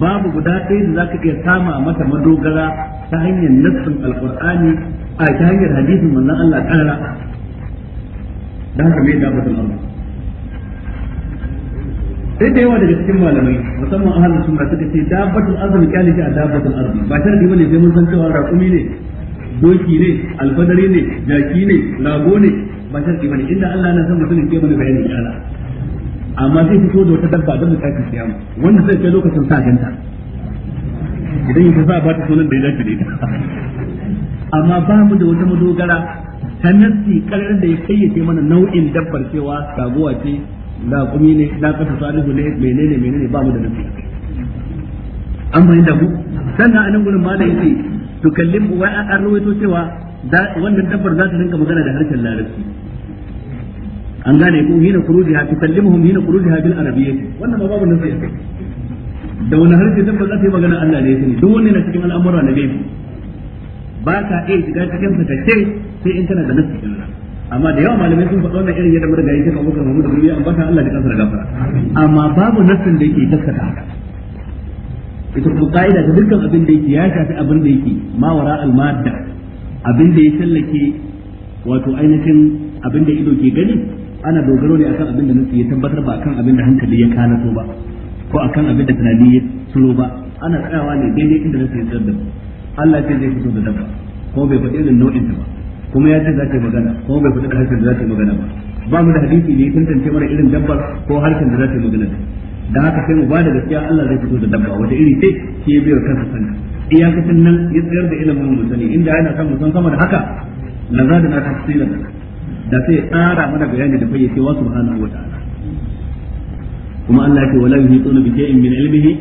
babu guda ɗaya da zaka iya kama mata madogara ta hanyar nassin alqur'ani a ta hanyar hadisin wannan Allah ƙara dan da mai dafatul Allah sai da yawa daga cikin malamai musamman a halin sunna suka ce dabbatul ardi kyale shi a dabbatul ardi ba sharadi bane sai mun san cewa raƙumi ne doki ne alfadari ne jaki ne lago ne ba da bane inda Allah na san mutumin ke bane bayani kyala amma zai fito da wata dabba don da tashi kiyama wanda zai kai lokacin sa ganta idan yake sa ba ta sunan da ya dace da ita amma ba mu da wata madogara ta nassi karar da ya kayyace mana nau'in dabbar cewa sabuwa ce laƙumi ne laƙasa salihu ne menene menene ba mu da nassi an bayyana ku sannan anan gurin malai yace to kallim wa an rawaito cewa wannan dabbar za ta dinka magana da harshen larabci an gane ku hina kurujiha tukallimuhum hina kurujiha bil arabiyyati wannan ma babu nasi akai da wani harshe dan ba za ta yi magana Allah ne sai duk wannan na cikin al'amura na gaibi ba ka iya shiga cikin sa ka sai in kana da nasi kana amma da yawa malamai sun faɗa wannan irin yadda mun rigayi kan Abubakar da duniya an baka Allah da kansa da gafara amma babu nasin da yake gaskata haka ita kuma ka'ida ta dukkan abin da yake ya shafi abin da yake ma wara al-madda abin da ya sallake, wato ainihin abin da ido ke gani ana dogaro ne akan abin da nufi ya tabbatar ba akan abin da hankali ya kalato ba ko akan abin da tunani ya tsoro ba ana tsayawa ne daidai inda nufi ya tsarda Allah ce zai fito da dabba ko bai faɗi irin nau'in ba kuma ya ce za ka yi magana ko bai faɗi da harshen da za ka yi magana ba ba mu da hadisi ne tantance mana irin dabbar ko harshen da za ka yi magana da haka sai mu ba da gaskiya Allah zai fito da dabba wata iri ce shi ya biyar kansa sani iyakacin nan ya tsayar da ilimin mu sani inda yana son mu san sama da haka lazada na tafsirin da sai tsara mana bayani da bayyace wa subhanahu wa ta'ala kuma Allah ce wala yuhituna bi shay'in min ilmihi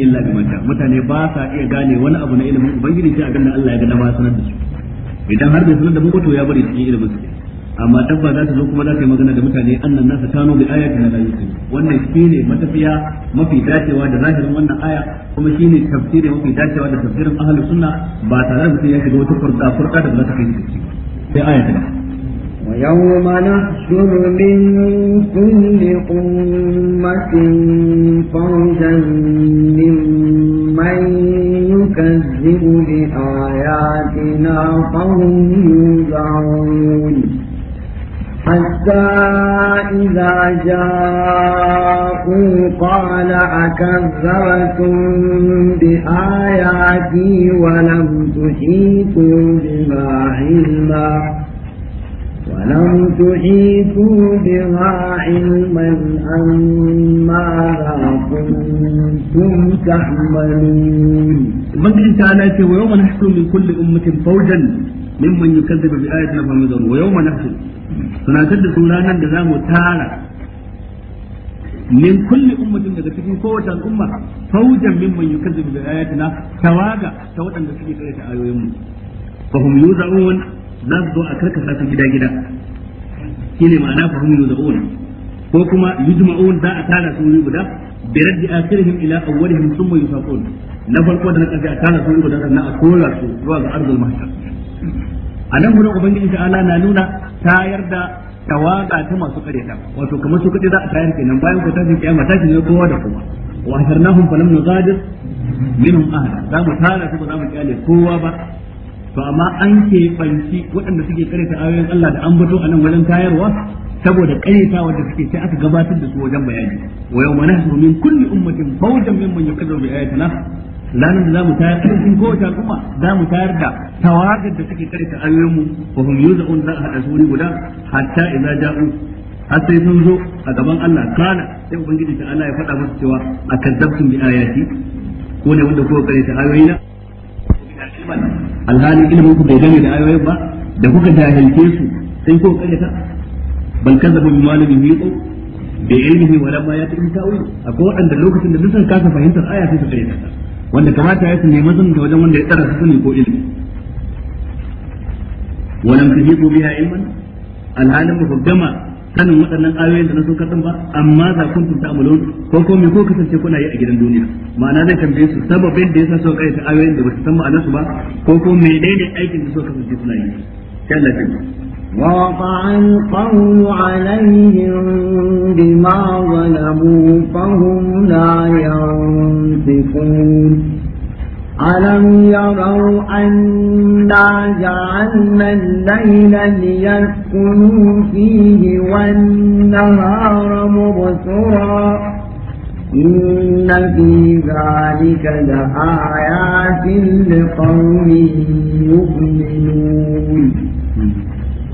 illa bima sha'a mutane ba sa iya gane wani abu na ilimin ubangiji sai a ganna Allah ya ga dama sanar da su idan har bai sanar da mu to ya bari cikin ilimin su amma dabba za ta zo kuma za ta yi magana da mutane annan nasa tano bi ayati na rayuwa wannan shine matafiya mafi dacewa da zahirin wannan aya kuma shine tafsiri mafi dacewa da tafsirin ahlus sunna ba tare da sai ya shiga wata furda furda da za ta kai shi sai aya ta ويوم نحشر من كل أمة فرجا ممن يكذب بآياتنا فهم يوزعون حتى إذا جاءوا قال أكذبتم بآياتي ولم تحيطوا بما علما ألم تحيطوا بها علما أم ماذا كنتم تعملون بل تعالى ويوم نحشر من كل أمة فوجا ممن يكذب بآياتنا فمدر ويوم نحشر فنعتد سورانا جزام تعالى من كل أمة daga cikin kowace al'umma faujan mimman yukazzibu bi ayatina tawaga ta wadanda suke kare ta ayoyin mu fa hum yuza'un za su zo a karkasa su gida gida shine ma'ana fahimmi yuzabun ko kuma yujma'un za a tara su wuri guda bi raddi akhirihim ila awwalihim thumma yusaqun na farko da na karshe a tara su wuri guda sannan a kora su zuwa ga arzul mahshar a nan gurin ubangiji ta'ala na nuna tayar da tawaga ta masu kareta wato kamar su kudi za a tayar kenan bayan ko tashin kiyama tashin ne kowa da kowa wa hasharnahum falam nuzadir minhum ahada za mu tara su ba za mu kyale kowa ba to amma an ke fanci waɗanda suke karanta ayoyin Allah da an bato nan wajen tayarwa saboda karanta wanda suke sai aka gabatar da su wajen bayani wa yawma nahnu min kulli ummatin fawjan mimman yukazzabu bi ayatina ranar da za mu tayar cikin kowace al'umma za mu tayar da tawagar da suke karanta ayoyinmu wa hum yuz'un za a hada su guda hatta idza ja'u har sai sun zo a gaban Allah kana sai ubangiji ta Allah ya faɗa musu cewa akazzabtum bi ayati ko ne wanda kuka karanta ayoyina bata alhali ilimin ku bai gane da ayoyin ba da kuka jahilce su sai ko karyata bal kazzabu bi malami yuqu bi ilmihi wala ma yatihi ta'wil akwai wadanda lokacin da duk kasa fahimtar aya sai su karyata wanda kamata ya su nemi da wajen wanda ya tsara su ne ko ilimi walam tuhibu biha ilman alhalin ba ku gama sanin waɗannan ayoyin da na so kasan ba amma za kun tunta amalon ko ko me ko kasance kuna yi a gidan duniya ma'ana zai tambaye su sababin da ya yasa yi ta ayoyin da ba su san ma'anarsu ba ko ko menene aikin da suka kasance suna yi sai Allah ya ووقع القول عليهم بما ظلموا فهم لا ينطقون ألم يروا أنا جعلنا الليل ليسكنوا يسكنوا فيه والنهار مبصرا إن في ذلك لآيات لقوم يؤمنون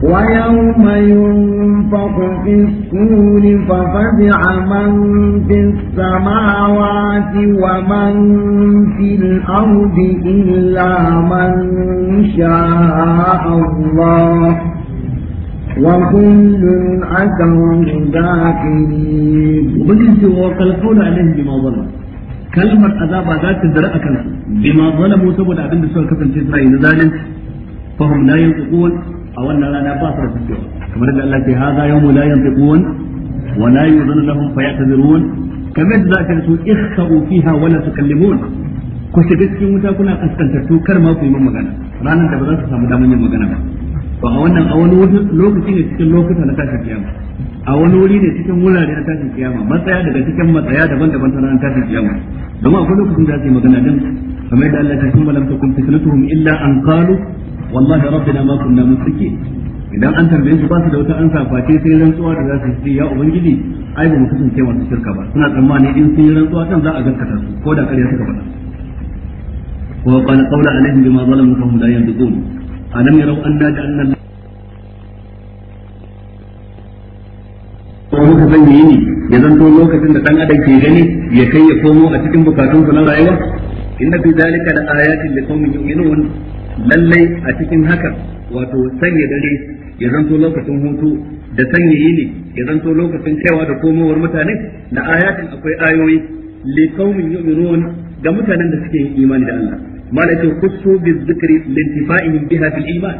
ويوم ينفق في السور ففزع من في السماوات ومن في الأرض إلا من شاء الله وكل أتوا داخلين وبجد سوى كالقول عليهم بما ظلموا kalmar azaba za ta dara a kansu bima zalamu saboda abin da suka kasance suna yin zalunci fahim la yantiqun a wannan rana ba su da cewa kamar da Allah ke hada yawmu la yantiqun wa la yuzanu lahum fayatazirun kamar da za ka su ikhsa'u fiha wa la tukallimun ku shiga cikin wuta kuna kaskantattu kar ma magana ranar da ba za su samu damar yin magana ba ba a wannan a wani lokaci ne cikin lokuta na tashin kiyama a wani wuri ne cikin wurare na tashin kiyama matsaya daga cikin matsaya daban-daban ta ranar tashin kiyama domin akwai lokacin da ake magana din kamar yadda Allah ya ce kuma lam takun fitnatuhum illa an qalu wallahi rabbina ma kunna musyrikin idan an tarbe su ba su da wata ansa face sai rantsuwa da za su ce ya ubangiji ai ba mu kasance masu shirka ba suna tsammani in sun yi rantsuwa kan za a gaskata su ko da ƙarya suka faɗa wa qala qawla alaihim bima zalamu fa hum la yantiqun alam yarau anna ja'alna ko muka yi yini ya zanto lokacin da dan adam ke gani ya kai ya komo a cikin bukatun na rayuwa inna fi zalika la ayatin li qaumin yu'minun lallai a cikin haka wato sanya dare ya zanto lokacin hutu da sanya yini ya zanto lokacin kaiwa da komowar mutane da ayatin akwai ayoyi li qaumin yu'minun ga mutanen da suke imani da Allah malakin kusu bi zikri lintifa'in biha fil iman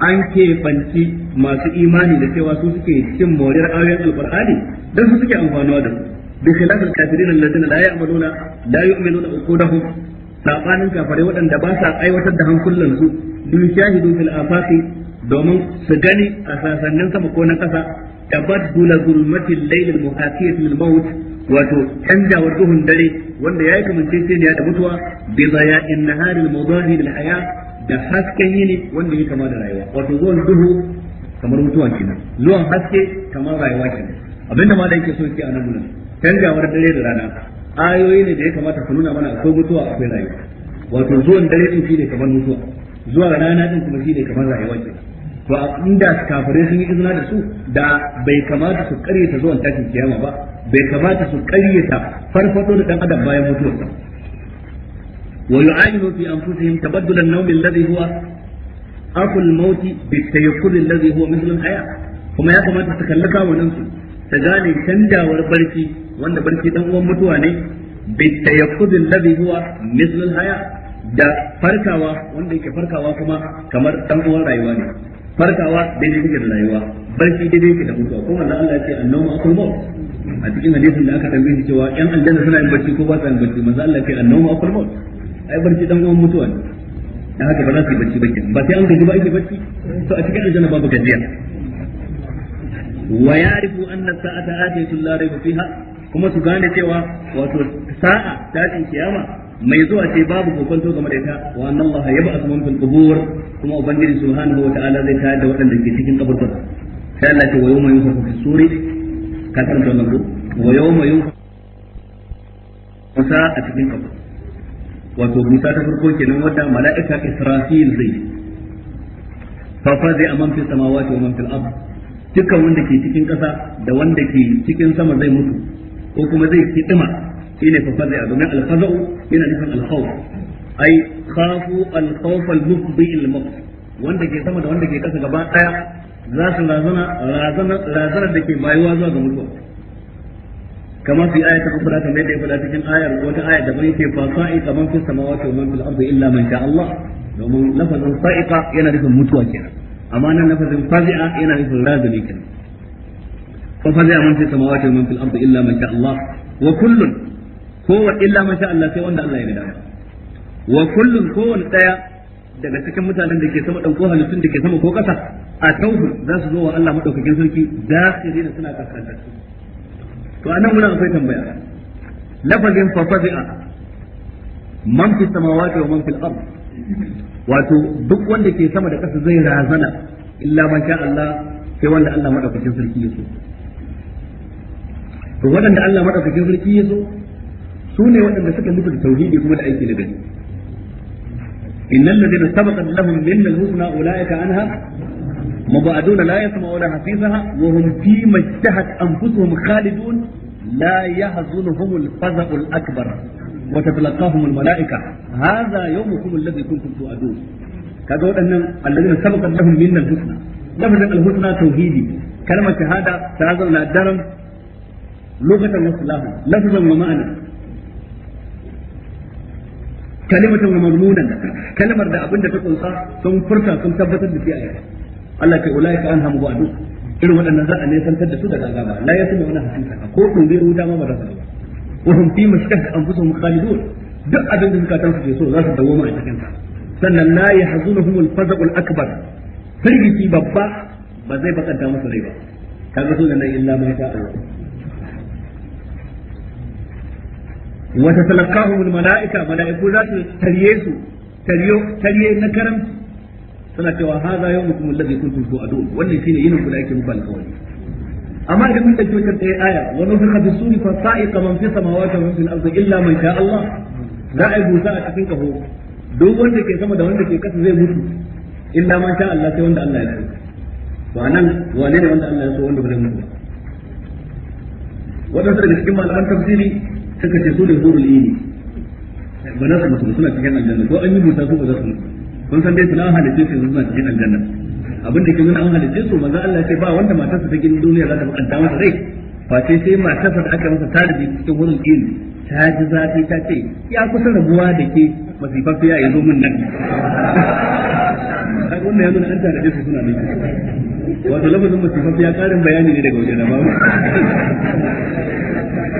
an fanci masu imani da cewa su suke cin moriyar ayoyin alqur'ani dan su suke amfanuwa da bi khilafil kafirin alladhina la ya'maluna la yu'minuna uqudahum sabanin kafare waɗanda ba sa aiwatar da hankulan su bi shahidu fil afaqi domin su gani a sasannin sama ko na kasa tabaddula zulmatil layl al muhaqiyati maut wato canjawar duhun dare wanda ya yi kamanceceniya da mutuwa bi baya'in nahari al-mudahi lil haya da hasken yini wanda ya kama da rayuwa wato zuwan duhu kamar mutuwa kenan zuwan haske kamar rayuwa kenan abinda ma da yake so yake a nan nan canjawar dare da rana ayoyi ne da ya kamata su nuna mana akwai mutuwa akwai rayuwa wato zuwan dare din shine kamar mutuwa zuwa rana din kuma shine kamar rayuwa kenan to inda kafare sun yi izina da su da bai kamata su karyata zuwan tashin kiyama ba bai kamata su karyata farfado da dan adam bayan mutuwarsa wa yu'ayinu fi anfusihim tabaddul an-nawm alladhi huwa aqul al-maut bi tayakkul alladhi huwa mithl al-haya kuma ya kamata su kallaka wannan su ta gane canjawar barci wanda barci dan uwan mutuwa ne bi tayakkul alladhi huwa mithl al-haya da farkawa wanda yake farkawa kuma kamar dan uwan rayuwa ne farkawa daidai take da rayuwa barci daidai take da mutuwa ko wannan Allah yake ce annamu akul maut a cikin hadisin da aka tambaye shi cewa yan aljanna suna yin barci ko ba sa yin barci manzo Allah yake ce annamu akul maut ai barci dan uwan mutuwa ne dan haka ba za su yi barci ba kenan ba sai an gaji ba ake barci to a cikin aljanna babu gajiya wa ya'rifu anna sa'ata atiyatu la rayba fiha kuma su gane cewa wato sa'a tashin kiyama mai zuwa ce babu kokonto game da ita wa anna allaha yab'athu man fil qubur kuma ubangiji subhanahu wa ta'ala zai tayar da waɗanda ke cikin kaburbur sai Allah ce wa yawma yunfaku fi suri ka san da nan wa yawma yunfaku kusa a cikin kabur wato musa ta farko kenan wanda mala'ika israfil zai fa fa zai aman fi samawati wa man fil ard dukkan wanda ke cikin kasa da wanda ke cikin sama zai mutu ko kuma zai kidima shine fa faza'a domin al yana nufin ai khafu wanda ke sama da wanda ke kasa gaba daya za su razana razana razana da ke bayuwa zuwa ga mutuwa kama fi kamar yadda ya cikin ayar wata aya da fi samawati wa man fil ardi illa man sha Allah domin lafazin sa'iqa yana nufin mutuwa kenan amma nan lafazin fazi'a yana nufin razani kenan fa fazi'a man fi samawati wa man fil ardi illa man sha Allah wa kullun kowa illa masha Allah sai wanda Allah ya gada wa kullun kowanne daya daga cikin mutanen da ke sama dan ko halittun da ke sama ko kasa a tauhid za su zo wa Allah madaukakin sarki da su rena suna kaskantar to anan muna akwai tambaya lafazin fafazi'a man fi samawati wa man fil ard wato duk wanda ke sama da kasa zai razana illa masha Allah sai wanda Allah madaukakin sarki ya so to waɗanda Allah madaukakin sarki ya so سوني وأن سكن نفس التوحيد هو العيش لبن إن الذين سبق لهم من الهدنى أولئك عنها مبعدون لا يسمعون حفيظها وهم فيما اجتهت أنفسهم خالدون لا يحزنهم الفزع الأكبر وتتلقاهم الملائكة هذا يومكم الذي كنتم توعدون كذا أن الذين سبق لهم من الهدنى لفظ الهدنى توحيدي كلمة هذا تعزل لا درم لغة الله لفظا ومعنى kalimatan wa mazmunan kalmar da abinda ta kunsa sun furta sun tabbatar da shi a yau Allah ke ulaika an hamu ba'du irin waɗannan za a nesantar da su daga azaba la yasmu wala hasanta ko kun zai ruta ma ba za su wa hum fi mashkak anfusuhum khalidun duk abin da suka tansu ke so za su dawoma a cikin sa sannan la yahzunuhum al-faza'ul akbar firgici babba ba zai bakanta musu rai ba kaga sunan illa ma sha Allah wa tatalaqahu al malaika malaiku za su tarye su taryo tarye na suna cewa hadha yawmukum alladhi kuntum tu'adun wannan shine yinin ku da ake muku alƙawari amma idan mun dauki wannan ɗaya aya wa nufiqa fi suri fa sa'iqa man fi samawati wa fil illa man sha Allah za a yi busa a cikin kaho duk wanda ke sama da wanda ke kasa zai mutu illa man sha Allah sai wanda Allah ya wane ne wanda Allah ya so wanda ba mutu suka ce su da zurul ne ba za su mutu suna cikin aljanna ko an yi musa su ba za su mutu kun san dai suna halice su suna cikin aljanna abin da ke nuna an halice su manzo Allah ce ba wanda su ta gini duniya za ta bukanta masa rai face sai matarsa da aka masa tarihi cikin wurin ini ta ji zafi ta ce ya kusa rabuwa da ke masifafi ya yi zo min nan wannan ya nuna an tare su suna nan wato lafazin ya karin bayani ne daga wajen ba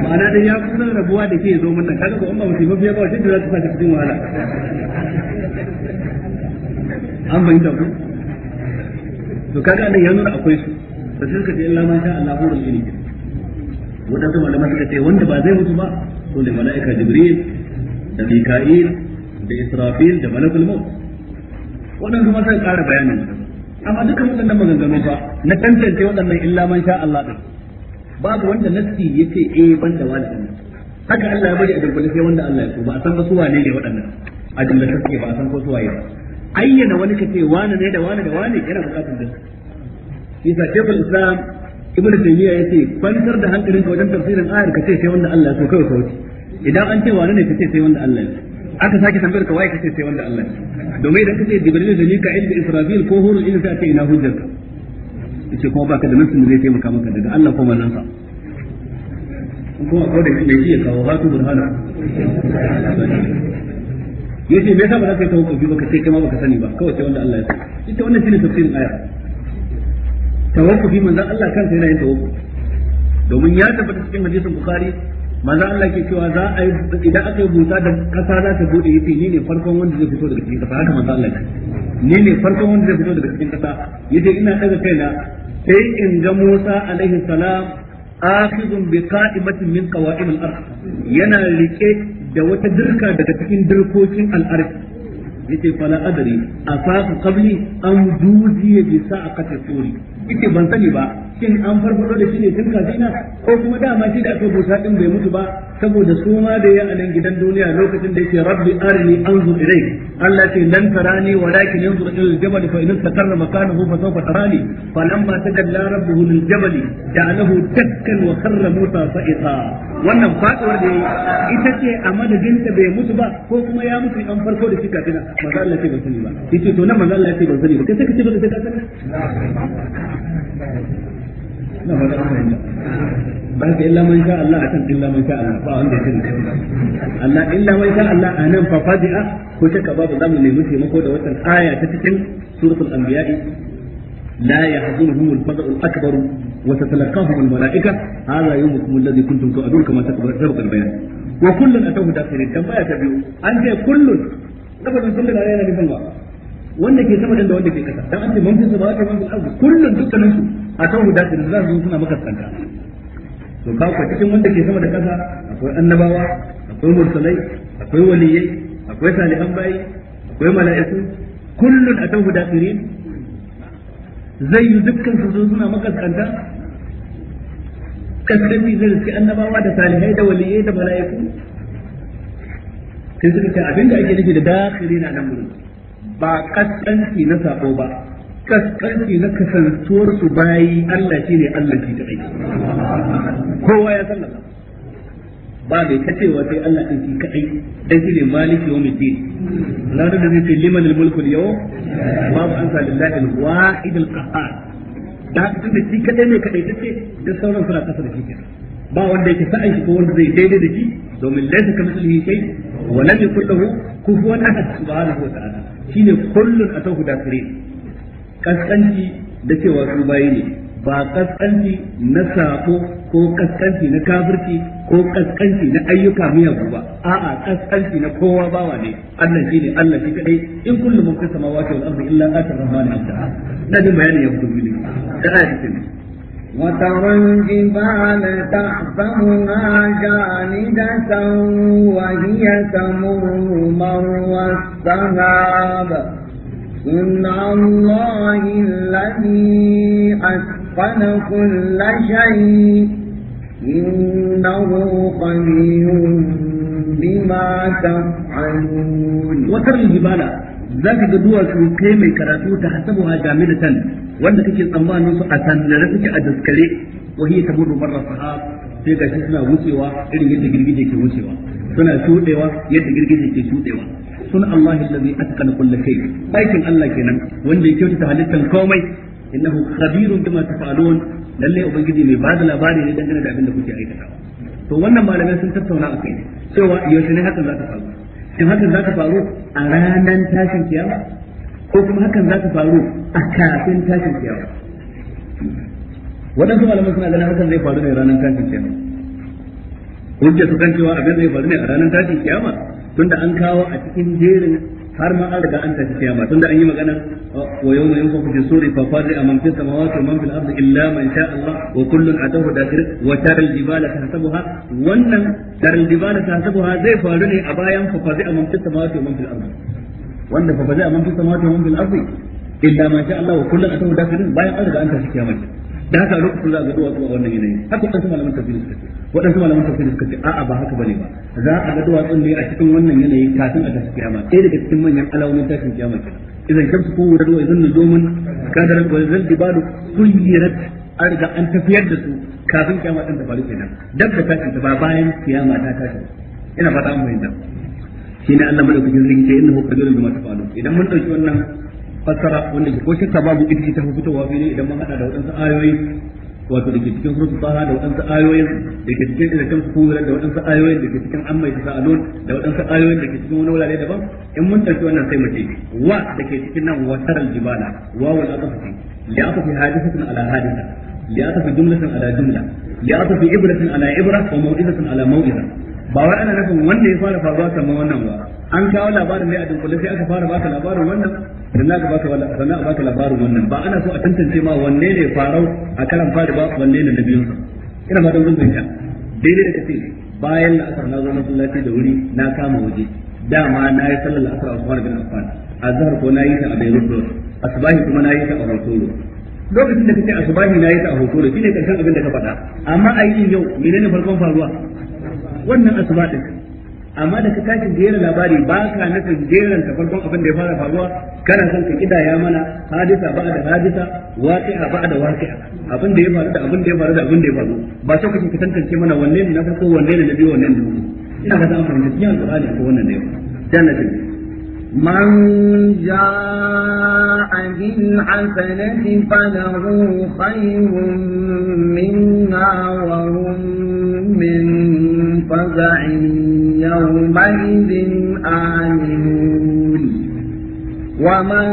ma'ana dai ya kusa rabuwa da ke zo mana kaga ko umma musulmi biya ba shi, da za ta saka cikin wahala an bayyana ku to kaga nan ya nuna akwai su da suka ce illa ma sha Allah hurul wanda kuma malaman suka ce wanda ba zai mutu ba to da mala'ika jibril da mika'il da israfil da malakul maut wannan kuma sai ƙara bayanin amma dukkan waɗannan maganganu ba na tantance waɗannan illa man sha Allah din babu wanda nassi yace eh banda wani haka Allah ya bari a dubbule sai wanda Allah ya so ba a san ba su wane ne waɗannan a jumlatar suke ba a san ko su waye ba ayyana wani kace wani ne da wani da wani yana bukatar da yasa shekul islam ibnu taymiya yace kwantar da hankalin ka wajen tafsirin ayar kace sai wanda Allah ya so kai ka wuce idan an ce wani ne kace sai wanda Allah ya so aka sake tambayar ka waye kace sai wanda Allah ya so domin idan kace jibril da mika da israfil ko hurul ilza sai ina hujjar yace kuma baka da nassin da zai taimaka maka daga Allah ko manzon sa kuma ko da shi ne ya kawo hatu burhana yace me yasa ba za ka yi kofi ba ka sai kuma baka sani ba kawai sai wanda Allah ya sani ita wannan shine tafsirin aya tawakkufi manzon Allah kansa yana yin tawakkufi domin ya tabbata cikin hadisin bukhari manzo Allah ke cewa za a yi idan aka yi buta da kasa za ta bude yace ni ne farkon wanda zai fito daga cikin kasa haka manzo Allah ni ne farkon wanda zai fito daga cikin kasa yace ina daga kaina sai in ga Musa alaihi salam akhidun bi qa'imatin min qawa'im al-ard yana rike da wata dirka daga cikin dirkokin al-ard yace fala adri afaqa qabli am juziya bi sa'aqati turi yace ban sani ba shin an farfado da shi ne tun kafina ko kuma dama shi da aka busa din bai mutu ba saboda su ma da ya a gidan duniya lokacin da yake rabbi arni anzur ilai Allah ce lan tarani walakin yanzur ila al-jabal fa in istakarra makanahu fa sawfa tarani fa lamma tajalla rabbuhu lil jabal ja'alahu takkan wa kharra musa fa'ita wannan faduwar da ita ce a madadin ta bai mutu ba ko kuma ya mutu an farko da shi kafina manzo Allah ce ban sani ba yace to nan manzo Allah ce ban sani ba kai sai ce ba sai ka na fata ba ka illa man sha Allah akan illa man sha Allah ba wanda ya ce Allah illa man sha Allah anan fa fadi'a ko shakka babu zamu nemi taimako da wannan aya ta cikin suratul anbiya'i لا يحضرهم الفزع الأكبر وتتلقاهم الملائكة هذا يومكم الذي كنتم تؤدون كما سبق البيان وكل أتوه داخلين كما يتبعوا أنت كل wanda ke sama da wanda ke kasa dan an ce man fi sabaka man fi kullun dukkanin su kan guda da za su suna makaskanta to ka ku cikin wanda ke sama da ƙasa, akwai annabawa akwai mursalai akwai waliyai akwai salihan bayi akwai mala'iku kullun kan guda ɗin zai yi dukkan su suna makaskanta kaskafi zai riski annabawa da salihai da waliyai da mala'iku sai suka ce abinda ake nufi da dakhiri na nan ba kaskanci na sako ba kaskanci na kasantuwar su bayi Allah shi ne Allah shi kadai kowa ya san ba mai kacewa sai Allah din shi kadai dan shi ne maliki yawmiddin la da zai ce liman al-mulku al-yawm babu an lillahi al-wahid al-qahhar da haka da shi kadai ne kadai tace da sauran suna kasa da shi ba wanda yake sa'ai shi ko wanda zai daidai da shi domin laysa kamithlihi shay wa lam yakul lahu kufuwan ahad subhanahu wa ta'ala shine kullun atahu dakirin kaskanci da cewa su bayi ne ba kaskanci na sako ko kaskanci na kafirci ko kaskanci na ayyuka miyagu ba a'a kaskanci na kowa bawa ne Allah shine Allah shi kadai in kullu man fi samawati wal ardi illa atir rahmani abda da din bayani ya fito ne da ayatin وترى الجبال تحسبها جامدة وهي تمر مر السحاب إن الله الذي أتقن كل شيء إنه قدير بما تفعلون وتر الجبال ذاك جدوى شو كراتو تحسبها جامدة wanda kake tsammanin su a sandare suke a daskare wa hiya tabudu barra sahab sai gashi suna wucewa irin yadda girgije ke wucewa suna yadda girgije ke sun Allah alladhi atqana kulli shay aikin Allah kenan wanda ya kyautata halittar komai innahu khabirun bima taf'alun lalle ubangiji mai bada labari ne dangane da abin da kuke aikatawa to wannan malamai sun tattauna a kai cewa yaushe ne hakan za ta faru shin hakan za ta faru a ranar tashin kiyama ko kuma hakan za ta faru a kafin tashin kiyama waɗansu malamai suna ganin hakan zai faru ne ranar tashin kiyama hujja su kan cewa abin zai faru ne a ranar tashin kiyama tunda an kawo a cikin jerin har ma an riga an tafi kiyama tunda an yi magana oh, wa yawma yunfaku fi suri fa a man fis samawati wa man fil ardi illa man sha Allah wa kullun atahu dakir wa taral jibala tahsabuha wannan taral jibala tahsabuha zai faru ne a bayan fa a man fis samawati wa man fil ardi wanda fa a man fis samawati wa man fil ardi illa man sha Allah wa kullun atahu dakir bayan an riga an tafi kiyama da haka lokacin za a ga zuwa wannan yanayi haka wadansu malaman tafsiri suka ce waɗansu malaman tafsiri suka ce a'a ba haka bane ba za a ga duwatsun ne a cikin wannan yanayi kafin a tafi kiyama ɗaya daga cikin manyan alamomin tashin kiyama ke idan kamsu ko wurin ruwa idan domin kadaran wa zan dibalu kullirat an riga an tafiyar da su kafin kiyama ɗin ta faru kenan dab da tashin ta ba bayan kiyama ta tashi ina fata an bayyana shine Allah madaukakin sarki ce innahu qadirun bima tafalun idan mun dauki wannan fassara wanda koshin ta babu ita ta fitowa fili idan mun hada da wadansu ayoyi wato da ke cikin surutu tsaha da waɗansu ayoyin da ke cikin ilakan kura da waɗansu ayoyin da ke cikin an mai alon da waɗansu ayoyin da ke cikin wani wurare daban in mun ɗauki wannan sai mu ce wa da ke cikin nan wa jibala wa wal aqafi li aqafi hadithatun ala haditha li aqafi jumlatan ala jumla li aqafi ibratan ala ibra wa maw'izatan ala maw'iza ba wai ana nufin wanda ya fara faruwa kamar wannan ba an kawo labarin ne a dunkule sai aka fara baka labarin wannan sannan aka baka sannan aka baka labarin wannan ba ana so a tantance ma wanne ne farau a karan fari ba wanne ne na biyu? ina ma don zan daidai da kace bayan na asar na zo masallaci da wuri na kama waje dama na yi sallar asar a Umar bin Affan azhar ko na yi ta a Beirut Road asbahi kuma na yi ta a Hotoro lokacin da kace asbahi na yi ta a Hotoro shine karshen abin da ka faɗa amma aikin yau menene farkon faruwa wannan asuba ɗin amma da ka tashi jera labari ba ka kan jeran ta farkon abin da ya fara faruwa kana son ka kidaya mana hadisa ba da hadisa waqi'a ba da waqi'a abin da ya faru da abin da ya faru da abin da ya faru ba sai kake ka tantance mana wanne ne na farko wanne ne na biyu wanne ne ina ga zan fahimci cikin alƙur'ani ko wannan ne jannatin من جاء بالحسنة فله خير منها وهم من فزع يومئذ آمنون ومن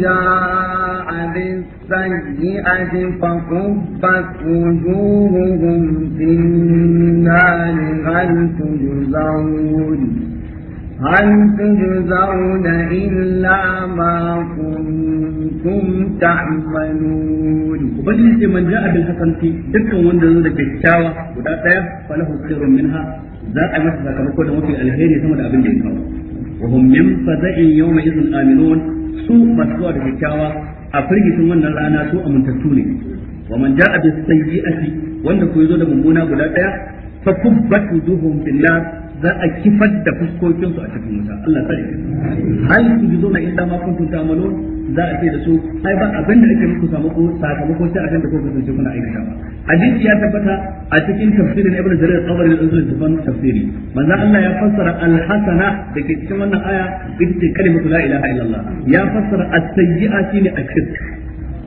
جاء بالسيئة فكبت وجوههم في النار هل تجزون هل تجزون إلا ما كنتم تعملون وبجلس من جاء بالحسن في دكا وندن ذلك الشاوة ودا فله خير منها ذا أمس ذاك مكوة وفي الهيري ثم أبن جنكو وهم من فزع يومئذ آمنون سوء مسوى بالشاوة أفريق ثم نرانا سوء منتسوني ومن جاء بالسيئة وأن كويزون ممونا ودا فكبت وجوههم في النار za a kifar da fuskokin a cikin wuta Allah tsare ka hal su ji zona illa ma kuntum ta'malun za a ce da su ai ba abin da ake muku sakamako sakamako sai abin da kuka zuci kuna aikata ba hadisi ya tabbata a cikin tafsirin Ibn Jarir Tabari da zuwa tafsirin tafsiri manzo Allah ya fassara al-hasana da ke cikin wannan aya ita kalimatu la ilaha illallah ya fassara as-sayyi'a shine akhir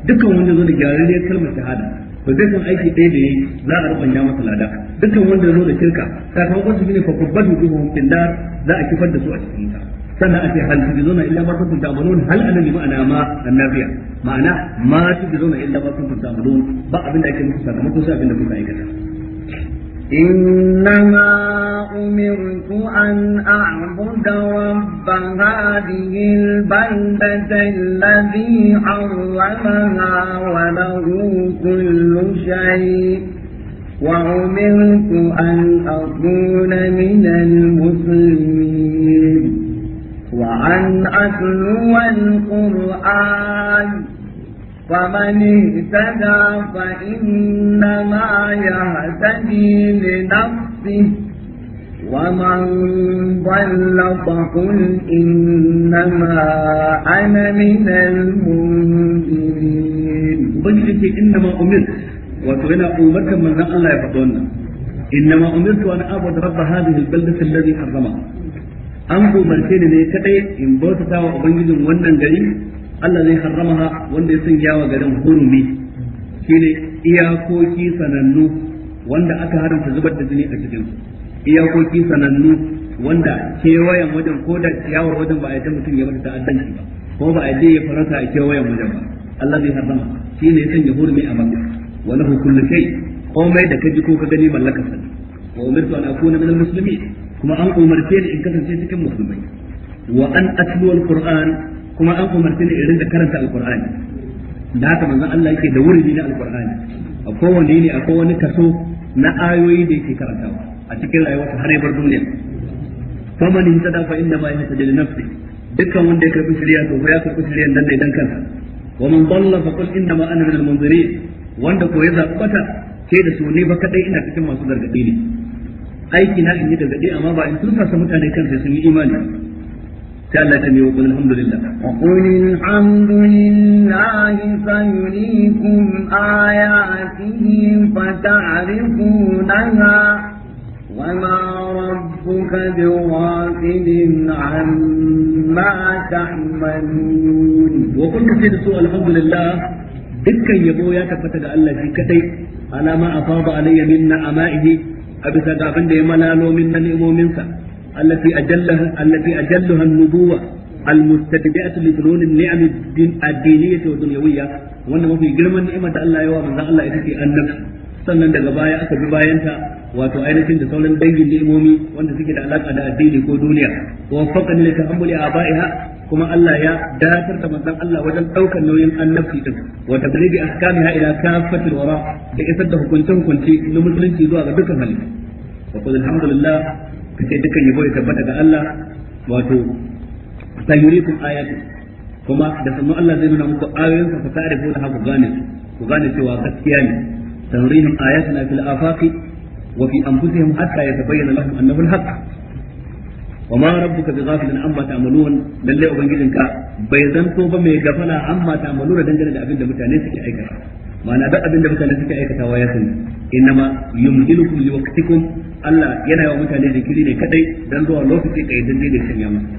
dukkan wanda zo da gyararriyar kalmar shahada ba zai san aiki ɗaya da yayi za a rubanya masa lada dukkan wanda ya zo da shirka sakamakon su shine fa kubbat wujuhum fil da za a kifar da su a cikin ta sannan a ce hal tujizuna illa ma kuntum ta'malun hal annabi ma'ana ma annabiya ma'ana ma tujizuna illa ma kuntum ta'malun ba abin da ake musu sakamakon sai abin da kuka aikata إنما أمرت أن أعبد رب هذه البلدة الذي حرمها وله كل شيء وأمرت أن أكون من المسلمين وأن أتلو القرآن فمن اهتدى فإنما يهتدي لنفسه ومن ضل فقل إنما أنا من المنذرين بنجد إنما أمرت وتغنى أمرك من الله يفضلنا إنما أمرت أن أعبد رب هذه البلدة الذي حرمها an umarce ni ne kadai in bautata wa ubangijin wannan gari Allah zai ha wanda ya sanya wa garin hurumi ne iyakoki sanannu wanda aka haramta zubar da jini a cikin iyakoki sanannu wanda kewayen wajen ko da ciyawar wajen ba a yadda mutum ya mata ta'addanci ba ko ba a yadda ya faranta a kewayen wajen ba Allah zai harrama shi ne ya sanya hurmi a maka Wani lahu kullu komai da kaji ko ka gani mallaka sani. wa umirtu an akuna minal muslimin kuma an umarce ni in kasance cikin musulmai wa an atlu al-qur'an kuma an umarci ne irin da karanta alqur'ani da haka manzon Allah yake da wuridi na alqur'ani a kowane ne a wani kaso na ayoyi da yake karantawa a cikin rayuwarsa har ya bar duniya faman ihtada fa inna ma yahtada li nafsi dukkan wanda ya karbi shari'a to ya karbi shari'a dan dai dan kansa wa man dalla fa qul inna ma ana min al-munzirin wanda ko ya zabata ke da su ne ba kadai ina cikin masu gargadi ne aiki na in yi gargadi amma ba in tursa mutane kansa sun yi imani ثلاثة يوم الحمد لله وقل الحمد لله سيريكم آياته فتعرفونها وما ربك بغافل عما تعملون وقل سوء الحمد لله yabo ya tabbata ga Allah shi kadai alama afada alayya min na'amahi a bisa ga abin da ya malalo min na ni'imominsa التي أجلها التي أجلها النبوة المستتبعة لفنون النعم الدينية والدنيوية وأن ما في جرم النعمة الله يوا من الله يتي النفس sannan daga baya aka bi bayanta wato ainihin da sauran dangin ni'imomi wanda suke da alaka da addini ko duniya wa faqan li ta'ammuli abaiha kuma Allah ya datar da manzon Allah wajen daukar nauyin annabi din wa tablibi ahkamiha ila kaffatil wara da isar da hukuncin hukunci na musulunci zuwa ga dukkan hali wa qul alhamdulillah kace dukan yabo ya tabbata ga Allah wato sayurikum ayatu kuma da sannu Allah zai nuna muku ayoyinsa ku tare ko da ku gane su ku gane cewa gaskiya ne tanrihim ayatuna fil afaqi wa fi anfusihim hatta yatabayyana lahum annahu al-haqq wa ma rabbuka bighafilin amma ta'malun lalle ka. bai zanto ba mai gafala amma ta'malun da dangane da abin da mutane suke aikata ma'ana duk abin da mutane suke aikatawa ya sani innama yumdilukum liwaqtikum Allah yana yawa mutane da kiri ne kadai dan zuwa lokaci kai dan da sanya masa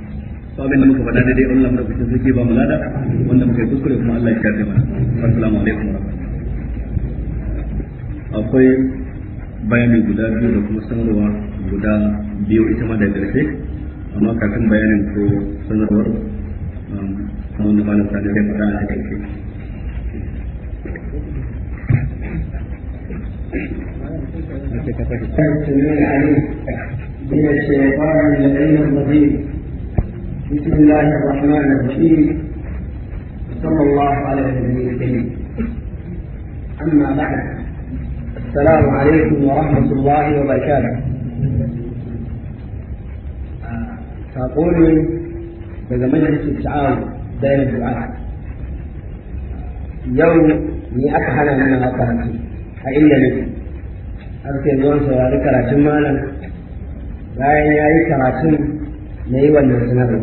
to abin da muka faɗa da dai Allah madaukakin suke ba mu lada wanda muka yi kuskure kuma Allah ya shafe mana assalamu alaikum akwai bayanin guda biyu da kuma sanarwa guda biyu ita ma da ƙarshe amma kafin bayanin ko sanarwar um, kamar da malam sani zai faɗa a cikin السميع العليم من الشيطان اللعين الرجيم بسم الله الرحمن الرحيم وصلى الله على النبي الكريم أما بعد السلام عليكم ورحمة الله وبركاته سأقول لدى مجلس التعاون دائرة الدعاء يوم مئة حنا من الأطهر فإن منكم har sai zuwan saurari karatun malam bayan ya yi karatun na yi wannan sanarwa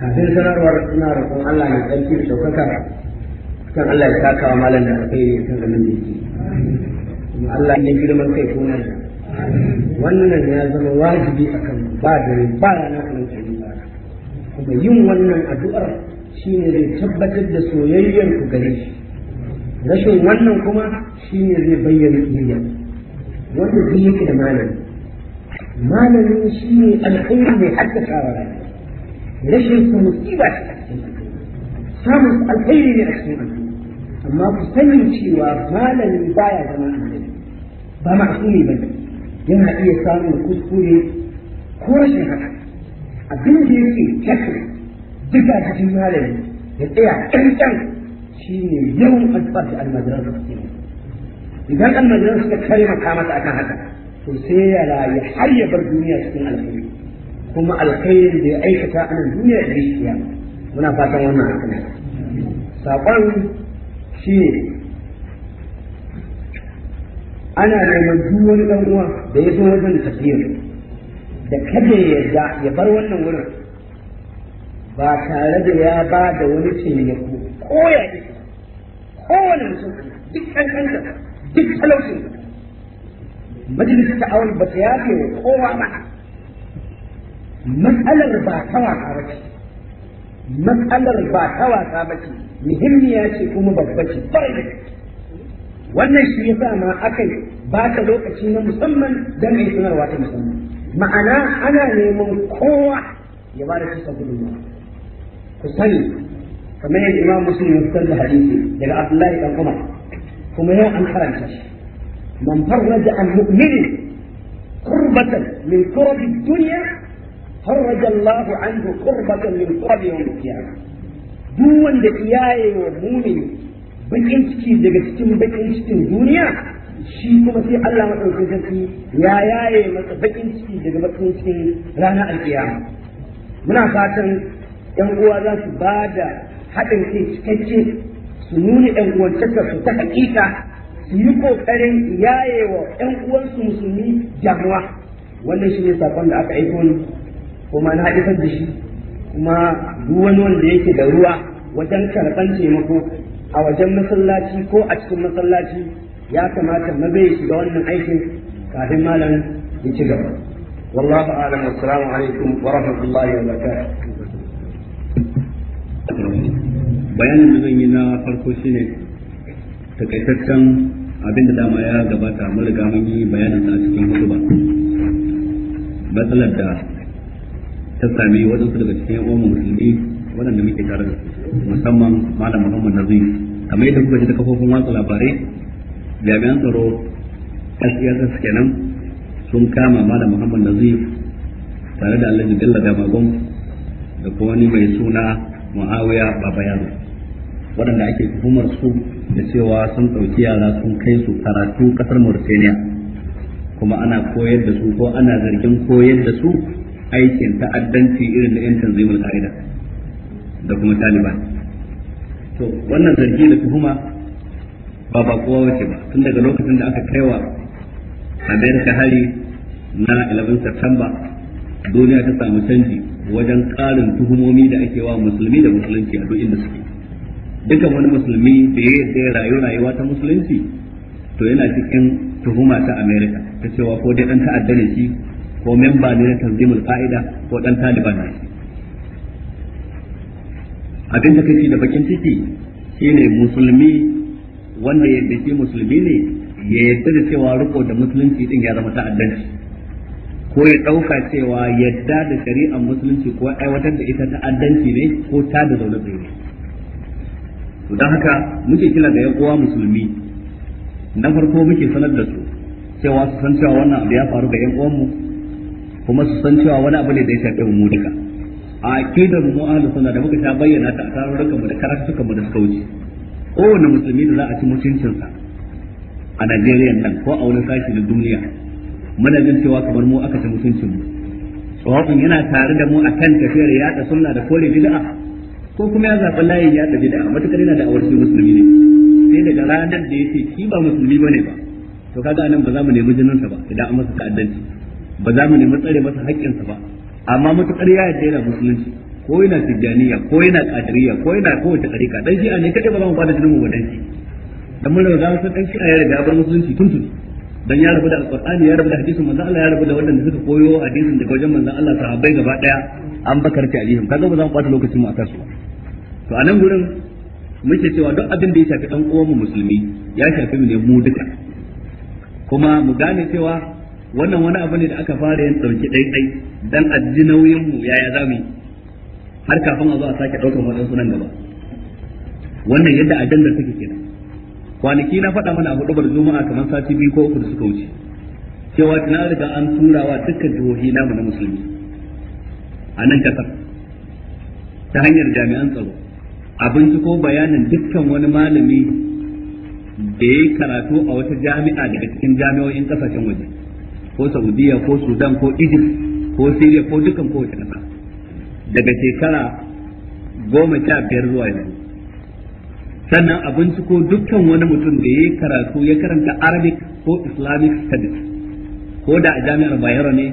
kafin sanarwar suna roƙon Allah mai tsarki da ɗaukaka kan Allah ya saka wa malam da yi kan zaman da yake kuma Allah ne girman kai ko nan wannan ya zama wajibi akan ba da ba na kuma kuma yin wannan addu'ar shi ne zai tabbatar da soyayyar ku gare shi rashin wannan kuma ne zai bayyana iyayen وهي كده ما لم ما لم يشيء الخير حتى شاورنا ليش يكون في صامت الخير لأحسن أما تسمي شيء وأفعال البداية كما أنزل بمعصومي بدل يما هي صامت كسكولي كورش نفسها أبين جيسي شكرا بدا جمالا يطيع كم كم شيء يوم أدفع المدرسة الصينية idan almajiran suka maka mata akan haka to sai ya rayu har ya bar duniya cikin alkhairi kuma alkhairi da ya aikata a nan duniya da gaskiya muna fatan wannan hakan saƙon shi ne ana neman duk wani ɗan uwa da ya zo wajen tafiyar da kada ya yarda ya bar wannan wurin ba tare da ya ba da wani taimako ko ya ko wani mutum duk kanta. duk talaucin majalisar ta'awar ba ta yafe wa kowa ba matsalar ba ta wasa ba ce matsalar ba ta wasa ba ce muhimmiya ce kuma babba ce kwarai da wannan shi ya sa ma aka yi ba ta lokaci na musamman don sanarwa ta musamman ma'ana ana neman kowa ya ba da cikin gudunmawa ku sani kamar yadda imam muslim ya fitar da hadisi daga abdullahi dan umar kuma yau an karanta shi man farraja an mu'mini qurbatan min qurbi dunya farraja Allahu anhu qurbatan min qurbi yawm al-qiyamah duk wanda iyaye wa mu'mini bakin ciki daga cikin bakin cikin duniya shi kuma sai Allah madaukakin sarki ya yaye masa bakin ciki daga bakin cikin ranar alkiyama muna fatan yan uwa za su ba da haɗin kai cikakke su nuna ɗan su ta hakika su yi ƙoƙarin yayewa 'yan uwansu musulmi jamuwa wannan shi ne saƙon da aka aiko ni kuma na haɗifar da shi kuma duk wani wanda yake da ruwa wajen karɓan taimako a wajen masallaci ko a cikin masallaci ya kamata na bai shiga wannan aikin kafin malam ya ci gaba wallahu a'lam assalamu alaikum wa rahmatullahi wa barakatuh bayanin da zan yi na farko shine takaitaccen abin da dama ya gabata mun riga mun yi bayanin a cikin hutuba matsalar da ta sami waɗansu daga cikin yan musulmi waɗanda muke tare da musamman malam muhammad nazir kamar yadda kuka ji ta kafofin watsa labarai jami'an tsaro asiyasa e suke kenan sun kama malam muhammad nazir tare da alhaji da magon da kuma wani mai suna muawiya baba yaro waɗanda ake tuhumar su da cewa sun ɗauki yara sun kai su karatu ƙasar Mauritania kuma ana koyar da su ko ana zargin koyar da su aikin ta'addanci irin da 'yan tanzimin ka'ida da kuma taliban to wannan zargi da tuhuma ba ba kowa wace ba tun daga lokacin da aka kaiwa amerika hari na 11 satamba duniya ta samu canji wajen ƙarin tuhumomi da ake wa musulmi da musulunci a duk inda suke dukkan wani musulmi da ya yarda ya rayu rayuwa ta musulunci to yana cikin tuhuma ta America ta cewa ko dai dan ta'adda ne shi ko memba ne na tanzimul qa'ida ko dan taliban ne abin da kake da bakin ciki shine musulmi wanda ya dace musulmi ne ya yadda da cewa riko da musulunci din ya zama ta'addanci ko ya dauka cewa yadda da shari'ar musulunci ko aiwatar da ita ta'addanci ne ko ta da zaune tsaye to dan haka muke kira da yan uwa musulmi na farko muke sanar da su cewa su san cewa wannan abu ya faru ga yan uwanmu kuma su san cewa wani abu ne da ya shafi mu duka a kidan mu ahlus sunna da muka ta bayyana ta a tarurrukan mu da karatukan mu da suka wuce kowane musulmi da za a ci mutuncinsa a Najeriya nan ko a wani sashi na duniya muna jin cewa kamar mu aka ci mutuncin mu tsawon yana tare da mu akan tafiyar yada sunna da kore bid'a ko kuma ya zaɓi layin ya ɗabi da matukar yana da awar shi musulmi ne sai daga ranar da ya ce shi ba musulmi ba ne ba to kaga nan ba za mu nemi jininsa ba idan an masa ta'addanci ba za mu nemi tsare masa haƙƙinsa ba amma matuƙar ya yarda yana musulunci ko yana tijjaniya ko yana ƙadiriya ko yana kowace ƙarika dan shi'a ne kadai ba za mu bada jinin mu ba dan shi dan mun riga mun san dan shi'a ya riga bar musulunci tuntun dan ya rabu da alƙur'ani ya rabu da hadisin manzon Allah ya rabu da wanda suka koyo hadisin daga wajen manzon Allah sahabbai gaba daya an bakarta alihim kaga ba za mu bata lokacin mu a kasuwa to a nan gurin muke cewa duk abin da ya shafi dan uwanmu musulmi ya shafi mu ne mu duka kuma mu gane cewa wannan wani abu ne da aka fara yin dauki ɗaiɗai dan aji nauyin mu yaya mu yi har kafin a zo a sake ɗaukar wannan sunan gaba wannan yadda ajandar take kenan kwanaki na faɗa mana abu ɗabar juma'a kamar sati biyu ko uku da suka wuce cewa tana riga an tura wa dukkan jihohi namu na musulmi a nan kasar ta hanyar jami'an tsaro abinci ko bayanin dukkan wani malami da ya karatu a wata jami'a daga cikin jami'o'in kasashen waje ko saudiya ko sudan ko egypt ko syria ko dukkan kowace kasa daga shekara goma sha biyar zuwa yanzu sannan abinci ko dukkan wani mutum da ya karatu ya karanta arabic ko islamic studies ko da a jami'ar bayero ne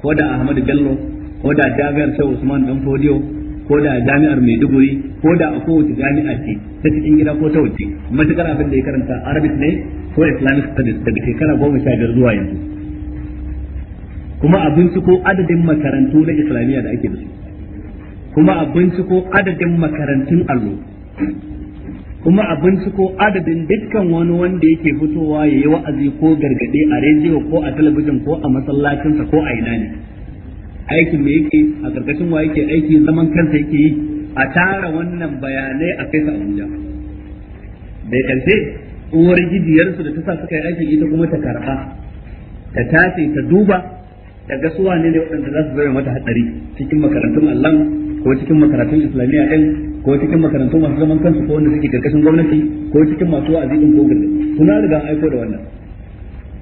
ko da ahmadu bello ko da jami'ar shehu usman dan fodiyo ko da jami'ar Maiduguri ko da a kowace jami'a ce ta cikin gida ko ta waje matukar abin da ya karanta Arabic ne ko Islamic studies daga shekara goma sha biyar zuwa yanzu kuma a binciko adadin makarantu na Islamiyya da ake da su kuma a binciko adadin makarantun allo kuma a binciko adadin dukkan wani wanda yake fitowa ya yi wa'azi ko gargaɗe a rediyo ko a talabijin ko a masallacinsa ko a ina ne aikin me yake a karkashin wa yake aiki zaman kansa yake yi a tara wannan bayanai a kai sa Abuja da karshe uwar gidiyarsu da ta sa suka yi aiki ita kuma ta karba ta tace ta duba ta ga su wane ne waɗanda za su zama mata hatsari cikin makarantun Allah ko cikin makarantun Islamiyya din ko cikin makarantun masu zaman kansu ko wanda suke karkashin gwamnati ko cikin masu wa'azi din ko gurbi suna riga aiko da wannan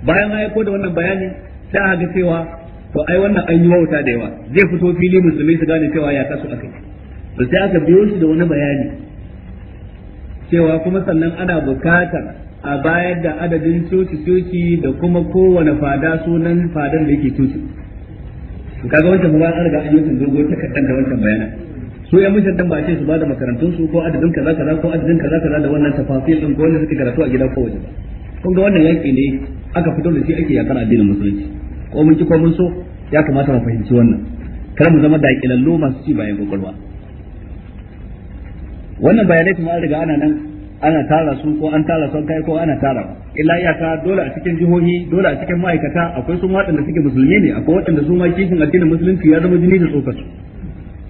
bayan aiko da wannan bayani sai a ga cewa to ai wannan an yi wauta da yawa zai fito fili musulmi su gane cewa ya kasu yi to sai aka biyo shi da wani bayani cewa kuma sannan ana bukatar a bayar da adadin coci-coci da kuma kowane fada sunan fadan da yake coci kaga wancan ba an riga an yi sun dogo kaddan da wancan bayanan su ya mushin dan ba ce su bada makarantun su ko adadin kaza kaza ko adadin kaza kaza da wannan tafasil din ko wanda suke karatu a gida ko waje ba kun ga wannan yanki ne aka fito da shi ake yakar addinin musulunci ko mun ki ko mun so ya kamata mu fahimci wannan kar mu zama daƙilallo masu ci bayan gogolwa wannan bayanai kuma an riga ana nan ana tara su ko an tara su kai ko ana tara ba illa ta dole a cikin jihohi dole a cikin ma'aikata akwai su waɗanda suke musulmi ne akwai waɗanda su ma kishin addinin musulunci ya zama jini da tsokar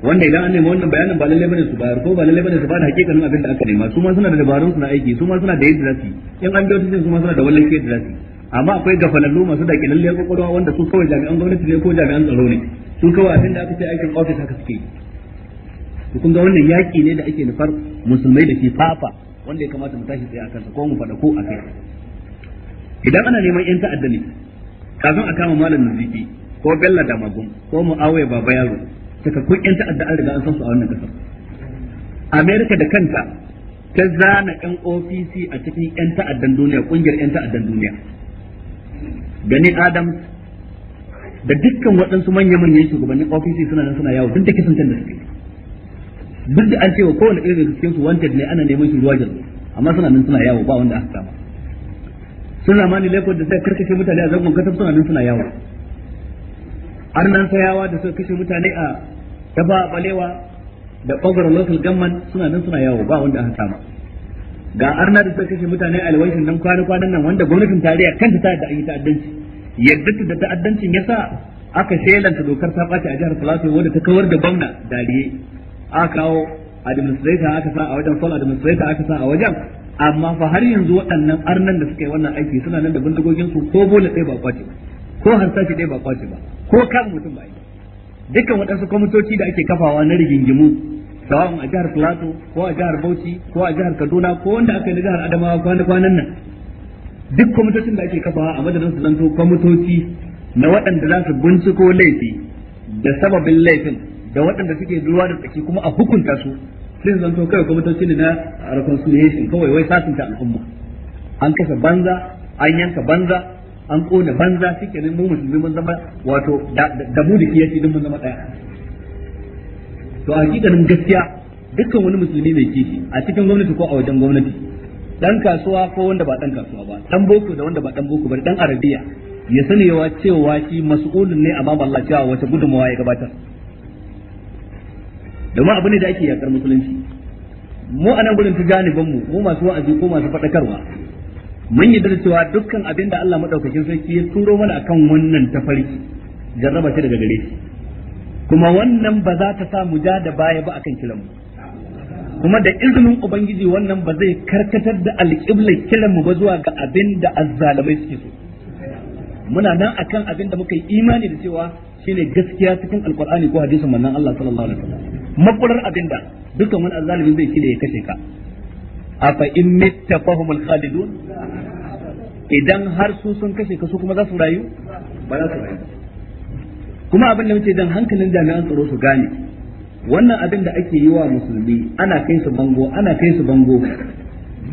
wanda idan an nemi wannan bayanin ba lalle bane su bayar ko ba lalle bane su bada hakikanin abin da aka nema su ma suna da dabarun suna aiki su ma suna da yadda zasu yi in an biyo su ma suna da wallahi yadda zasu yi amma akwai gafalallu masu da kilalle kwakwalwa wanda su kawai jami'an gwamnati ne ko jami'an tsaro ne su kawai abin da aka ce aikin ofis haka suke to kun ga wannan yaki ne da ake nufar musulmai da ke fafa wanda ya kamata mu tashi tsaye a kansa ko mu faɗa ko akai idan ana neman yan ta'adda ne kafin a kama malam naziki ko bella da magun ko muawiya baba yaro sakakkun yan ta'adda an riga an san su a wannan kasar america da kanta ta zana yan ofisi a cikin yan ta'addan duniya kungiyar yan ta'addan duniya gani adam da dukkan waɗansu manya manyan shugabannin ofishi suna nan suna yawo duk da kisan da suke duk da an cewa kowane irin cikin su wanted ne ana neman shi ruwa amma suna nan suna yawo ba wanda aka kama sun ramani lekod da sai karkashe mutane a zangon katab suna nan suna yawo arnan sayawa da suka kashe mutane a daba balewa da ɓangaren local gamman suna nan suna yawo ba wanda aka kama ga arna da suka kashe mutane a alwaishin nan kwana kwanan nan wanda gwamnatin tarayya kanta ta da ayyuka ta'addanci yadda da ta'addancin yasa aka shelanta dokar ta ɓace a jihar Plateau wanda ta kawar da gwamna dariye aka kawo administrator aka sa a wajen sole administrator aka sa a wajen amma fa har yanzu waɗannan arnan da suka yi wannan aiki suna nan da bindigogin su ko bola ɗaya ba kwace ko ko harsashi ɗaya ba kwace ba ko kan mutum ba dukkan waɗansu kwamitoci da ake kafawa na rigingimu sawa'un a jihar Filato, ko a jihar Bauchi ko a jihar Kaduna ko wanda aka yi jihar Adamawa kwanan nan duk kwamitocin da ake kafawa a madadin su zanto kwamitoci na waɗanda za su binciko laifi da sababin laifin da waɗanda suke ruwa da tsaki kuma a hukunta su sai zan zanto kawai kwamitocin ne na reconciliation kawai wai sasunta al'umma an kasa banza an yanka banza an kona banza shi shikenan mu musulmi mun zama wato da mu da kiyaci mun zama ɗaya to a hakikanin gaskiya dukkan wani musulmi mai kishi a cikin gwamnati ko a wajen gwamnati dan kasuwa ko wanda ba dan kasuwa ba dan boko da wanda ba dan boko ba dan arabiya ya sani yawa cewa shi mas'ulun ne amma Allah cewa wata gudunmawa ya gabatar domin abu ne da ake yakar musulunci mu a nan gurin tijaniban mu mu masu wa'azi ko masu faɗakarwa mun yi cewa dukkan abin da Allah madaukakin sarki ya turo mana akan wannan tafarki jarraba shi daga gare shi kuma wannan ba za ta sa mu ja da baya ba akan kilan mu kuma da izinin ubangiji wannan ba zai karkatar da alƙibla kilan mu ba zuwa ga abin da azzalamai suke so muna nan akan abin da muka yi imani da cewa shine gaskiya cikin alqur'ani ko hadisin manzon Allah sallallahu alaihi wasallam makurar abin da dukan wani azzalimi zai kide ya kashe ka afa in mitta khalidun idan har su sun kashe ka su kuma za su rayu ba za su rayu kuma abin da muke jan hankalin jami'an tsaro su gane wannan abin da ake yi wa musulmi ana kai su bango ana kai su bango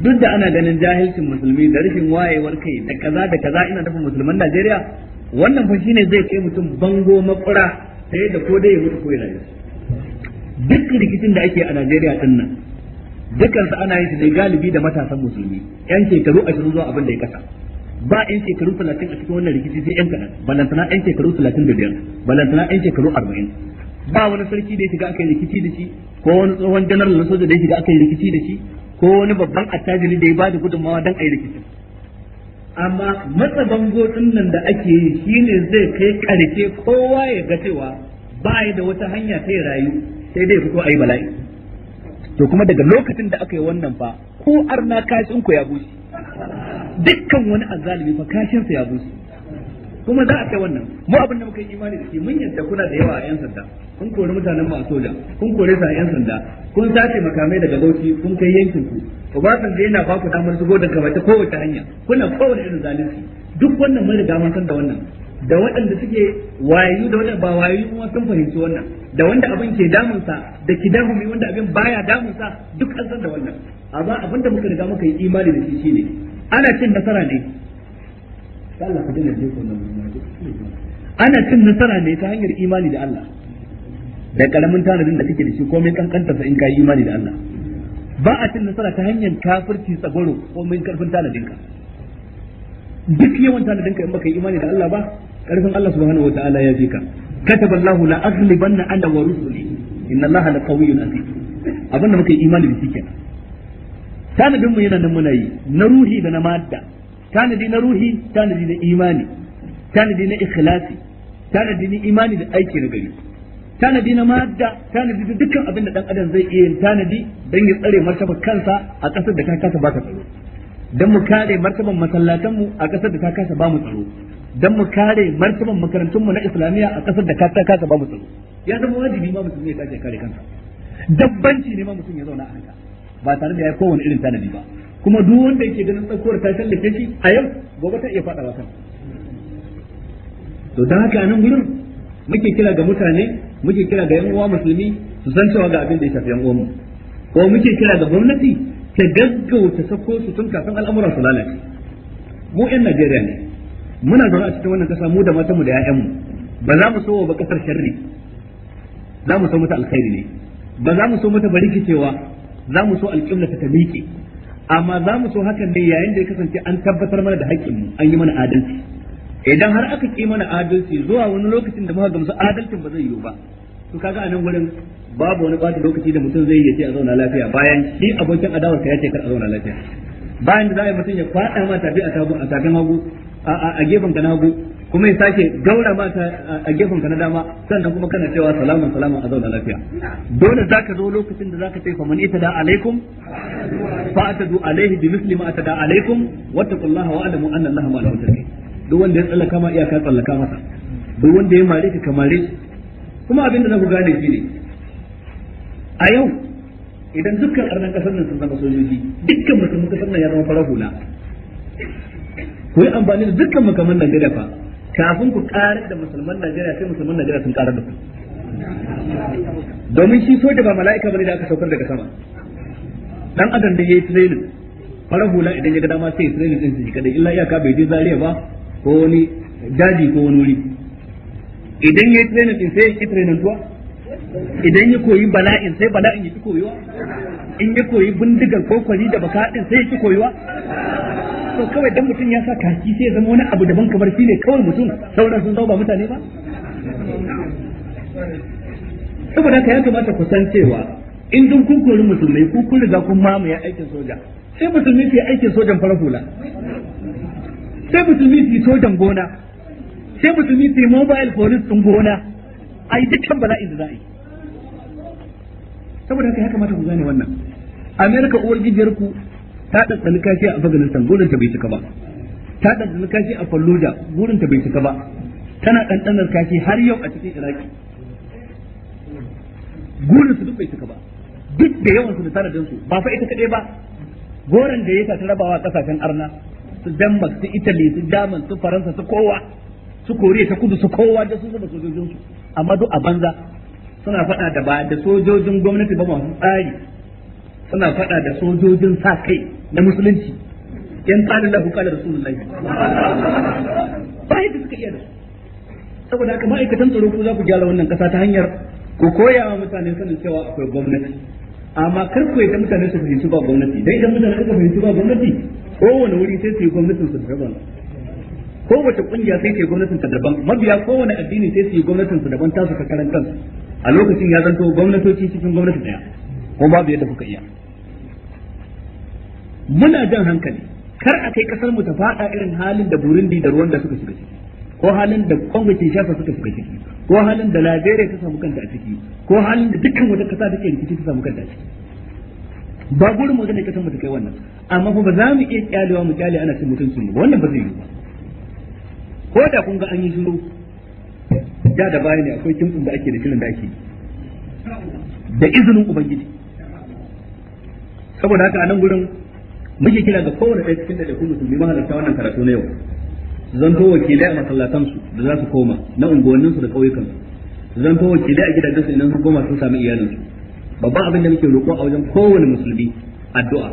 duk da ana ganin jahilcin musulmi da rashin wayewar kai da kaza da kaza ina dafa musulman Najeriya wannan fa shine zai kai mutum bango makura sai da ko dai ya mutu ko ya rayu duk rikicin da ake a Najeriya din nan ana yin shi ne galibi da matasan musulmi yan shekaru 20 zuwa abin da ya kasa ba yan shekaru talatin a cikin wannan rikici sai yan kaɗan balantana yan shekaru talatin da biyar balantana yan shekaru arba'in ba wani sarki da ya shiga aka yi rikici da shi ko wani tsohon janaral na soja da ya shiga aka yi rikici da shi ko wani babban attajiri da ya bada da gudunmawa don a yi rikicin amma matsa bango nan da ake yi ne zai kai karshe kowa ya ga cewa ba ya da wata hanya ta rayu sai dai fito yi bala'i to kuma daga lokacin da aka yi wannan fa ko arna kashin ku ya bushe dukkan wani azalibi fa kashin sa ya busu kuma za a kai wannan mu abin da muka yi imani da shi mun yadda kuna da yawa a yan sanda kun kori mutanen ba a soja kun kore su a yan sanda kun sace makamai daga bauchi kun kai yankin ku ubasan da yana ba ku damar shigo da kamar ta kowace hanya kuna kowace irin zalunci duk wannan mun riga mun san da wannan da waɗanda suke wayayu da waɗanda ba wayayu kuma sun fahimci wannan da wanda abin ke damunsa da kidahumi wanda abin baya damunsa duk an san da wannan amma da muka riga muka yi imani da shi shine ana cin nasara ne Allah ka dinga jiko nan ana cin nasara ne ta hanyar imani da Allah da karamin tanadin da kake da shi komai kankanta sa in ka yi imani da Allah ba a cin nasara ta hanyar kafirci tsagoro komai karfin tanadin ka duk yawan tanadin ka in baka yi imani da Allah ba karfin Allah subhanahu wataala ya fi ka kataba Allah la aghlibanna ana wa rusuli inna Allah la qawiyyun aziz abinda muka yi imani da shi kenan tanadin mu yana nan muna yi na ruhi da na madda tanadi na ruhi tanadi na imani tanadi na ikhlasi tanadi na imani da aiki na gari tanadi na madda tanadi da dukkan abin da dan adam zai iya yin tanadi dan ya tsare martaba kansa a kasar da ta kasa baka tsaro dan mu kare martaban masallatan mu a kasar da ta kasa ba mu tsaro dan mu kare martaban makarantun mu na islamiyya a kasar da ta kasa ba mu tsaro ya zama wajibi ma mutum ya kaje kare kansa dabbanci ne ma mutum ya zauna a haka ba tare da ya kowane irin tanadi ba kuma duk wanda yake ganin tsakuwar ta tallake shi a yau gobe ta iya faɗa wasan to dan haka nan gurin muke kira ga mutane muke kira ga yan uwa musulmi su san cewa ga abin da ya shafi yan mu ko muke kira ga gwamnati ta gaggauta sako su tun kafin al'amuran su lalace mu yan Najeriya ne muna zama a cikin wannan kasa mu da matanmu da 'ya'yanmu ba za mu so ba kasar sharri za mu so mata alkhairi ne ba za mu so mata bari cewa za mu so alƙibla ta miƙe amma za mu so hakan ne yayin da ya kasance an tabbatar mana da haƙƙinmu an yi mana adalci idan har aka ƙi mana adalci zuwa wani lokacin da muka gamsu adalcin ba zai yiwu ba to kaga a nan wurin babu wani ɓata lokaci da mutum zai yi ce a zauna lafiya bayan shi abokin adawarsa ya ce kar a zauna lafiya bayan da za a yi mutum ya faɗa ma tafi a tafin hagu a gefen ka hagu kuma ya sake gaura ma ta a gefen ka na dama sannan kuma kana cewa salamun salamun a zauna lafiya dole zaka zo lokacin da zaka ce faman itada alaikum fa atadu alaihi bi misli ma atada alaikum wattaqullaha wa alamu anna allaha ma lahu duk wanda ya tsallaka ma iyaka tsallaka masa duk wanda ya mare ka kamare. kuma abinda da ku gane shi ne a yau idan dukkan arnan kasar nan sun zama sojoji dukkan mutum kasar nan ya zama farar hula ku yi amfani da dukkan makaman Najeriya fa kafin ku karar da musulman Najeriya sai musulman Najeriya sun karar da ku domin shi soja ba mala'ika bane da aka saukar daga sama dan adam da ya yi training fara hula idan ya ga dama sai training din su kadai illa iyaka bai je zariya ba ko wani daji ko wani wuri idan ya yi training din sai ya training tuwa idan ya koyi bala'in sai bala'in ya ki koyuwa in ya koyi bindigar kokwani da baka sai ya ki koyuwa to kawai dan mutum ya sa kaki sai ya zama wani abu daban kamar shi ne kawai mutum sauran sun zama ba mutane ba saboda haka ya kamata ku san cewa in dun kun kori musulmai ku kun riga kun mamaye aikin soja sai musulmi su aikin sojan farar hula sai musulmi su sojan gona sai musulmi su mobile police sun gona a yi dukkan bala'in da za a yi saboda haka ya kamata ku gane wannan amerika uwar gijiyar ku ta ɗanɗani kashi a Afghanistan burin ta bai cika ba ta ɗanɗani kashi a Fallujah burin ta bai cika ba tana ɗanɗanar kashi har yau a cikin Iraki burin su duk bai cika ba duk da yawan su da sanadin su ba fa ita kaɗai ba goran da ya ta rabawa kasashen arna su Denmark su Italy su German su Faransa su kowa su Koriya ta kudu su kowa da su zuba sojojinsu amma duk a banza suna faɗa da ba da sojojin gwamnati ba masu tsari suna faɗa da sojojin sa kai na musulunci yan lafi kwanar qala rasulullahi bayan da suka iya da saboda haka ma'aikatan tsaro ku za ku gyara wannan kasa ta hanyar ku koya wa mutane sanin cewa akwai gwamnati amma kar ku yadda mutane su fahimci ba gwamnati dai idan mutane suka fahimci ba gwamnati kowane wuri sai su yi gwamnatin su daban kowace kungiya sai ta yi gwamnatin ta daban mabiya kowane addini sai su yi gwamnatin su daban tasu ta karan kansu a lokacin ya zanto gwamnatoci cikin gwamnati daya ko babu yadda kuka iya muna jan hankali kar a kai kasar mu ta fada irin halin da Burundi da Rwanda suka shiga ciki ko halin da Congo Kinshasa suka shiga ciki ko halin da Nigeria ta samu kanta a ciki ko halin da dukkan wata kasa take da ciki ta samu kanta a ciki ba gurin mu ne kasar mu ta kai wannan amma fa ba za mu iya kyalewa mu kyale ana cin mutuncin mu wannan ba zai yi ba ko da kun ga an yi shiru ja da bayani akwai kimtsin da ake da shirin da ake da izinin ubangiji saboda haka a nan gurin muke kira ga kowane ɗaya cikin ɗaiɗaikun musulmi mahalarta wannan karatu na yau zan zanto wakilai a masallatansu da za su koma na unguwanninsu da ƙauyukansu zanto wakilai a gidajensu idan sun koma sun sami iyalinsu babban abin da muke roƙo a wajen kowane musulmi addu'a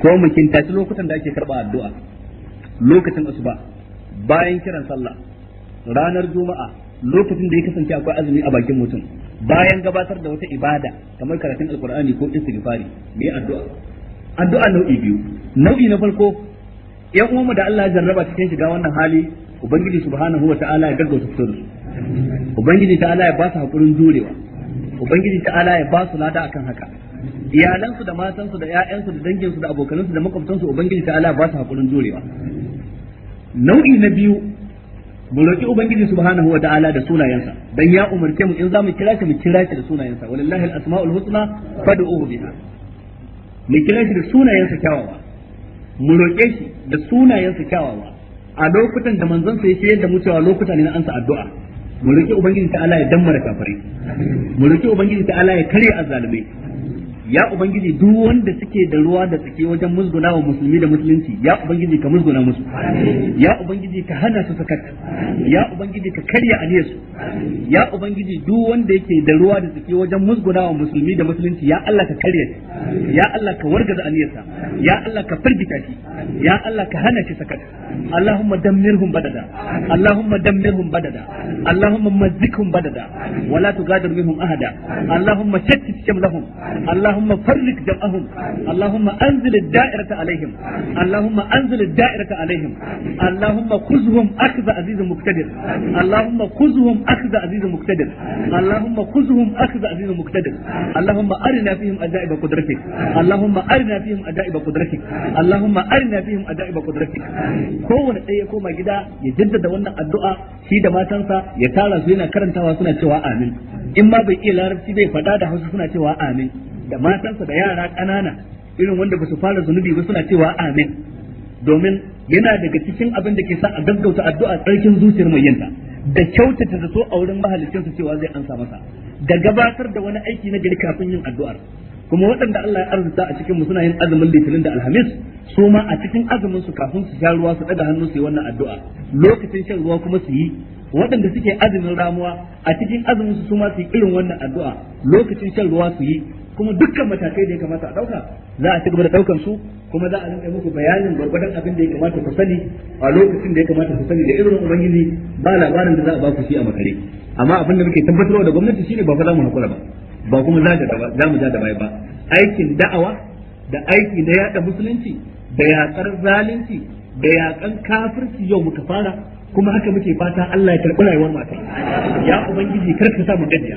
ko mu kintaci lokutan da ake karɓa addu'a lokacin asuba bayan kiran sallah ranar juma'a lokacin da ya kasance akwai azumi a bakin mutum bayan gabatar da wata ibada kamar karatun alkur'ani ko istighfari mai addu'a addu'a nau'i biyu nau'i na farko yan mu da Allah ya jarraba cikin shiga wannan hali ubangiji subhanahu wa ta'ala ya gaggauta su da su ubangiji ta'ala ya ba su hakurin jurewa ubangiji ta'ala ya ba su lada akan haka iyalansu da matansu da su da danginsu da su da su ubangiji ta'ala ya ba su hakurin jurewa nau'i na biyu mu roki ubangiji subhanahu wa ta'ala da sunayensa dan ya umarce mu in za mu kira shi mu kira shi da sunayensa walillahi al-asma'ul husna fad'uhu biha mu kira shi da sunayensa kyawawa mu roƙe shi da sunayensa kyawawa a lokutan da manzon sa yake yadda mu cewa lokuta ne na ansa addu'a mu roƙi ubangiji ta Allah ya dammara kafirai mu roƙi ubangiji ta Allah ya kare azzalimai ya ubangiji duk wanda suke da ruwa da tsaki wajen musguna wa musulmi da musulunci ya ubangiji ka musguna musu ya ubangiji ka hana su sakat ya ubangiji ka karya aniyar su ya ubangiji duk wanda yake da ruwa da tsaki wajen musguna wa musulmi da musulunci ya Allah ka karya shi ya Allah ka wargaza aniyarsa ya Allah ka firgita shi ya Allah ka hana shi sakat Allahumma dammirhum badada Allahumma dammirhum badada Allahumma mazzikahum badada wala tugadir minhum ahada Allahumma shattit shamlahum Allahumma اللهم فرق جمعهم اللهم أنزل الدائرة عليهم اللهم أنزل الدائرة عليهم اللهم خذهم أخذ عزيز مقتدر اللهم خذهم أخذ عزيز مقتدر اللهم خذهم أخذ عزيز مقتدر اللهم أرنا فيهم أجائب قدرتك اللهم أرنا فيهم أجائب قدرتك اللهم أرنا فيهم أجائب قدرتك kowane ɗaya ya koma gida ya jaddada wannan addu'a shi da matansa ya tara su yana karantawa suna cewa amin in ma bai iya larabci bai faɗa da hausa suna cewa amin da matansa da yara ƙanana irin wanda ba su fara zunubi ba suna cewa amin domin yana daga cikin abin da ke sa a gaggauta addu'a tsarkin zuciyar mai yinta da kyautata da so a wurin mahalicinsa cewa zai ansa masa da gabatar da wani aiki na gari kafin yin addu'ar kuma waɗanda Allah ya arzuta a cikin mu suna yin azumin litinin da alhamis su ma a cikin azumin su kafin su sha ruwa su daga hannu su yi wannan addu'a lokacin shan ruwa kuma su yi waɗanda suke azumin ramuwa a cikin azumin su ma su yi irin wannan addu'a lokacin shan ruwa su yi kuma dukkan matakai da ya kamata a dauka za a ci gaba da daukan su kuma za a rinka muku bayanin gwargwadon abin da ya kamata ku sani a lokacin da ya kamata ku sani da irin ubangiji ba labarin da za a ba ku shi a makare amma abin da muke tabbatarwa da gwamnati shine ba fa za mu hakura ba ba kuma za ta za mu ja da baya ba aikin da'awa da aiki na yaɗa musulunci da yatsar zalunci da yakan kafirci yau muka fara kuma haka muke fata Allah ya karɓi rayuwar matar ya ubangiji kar ka sa mu gajiya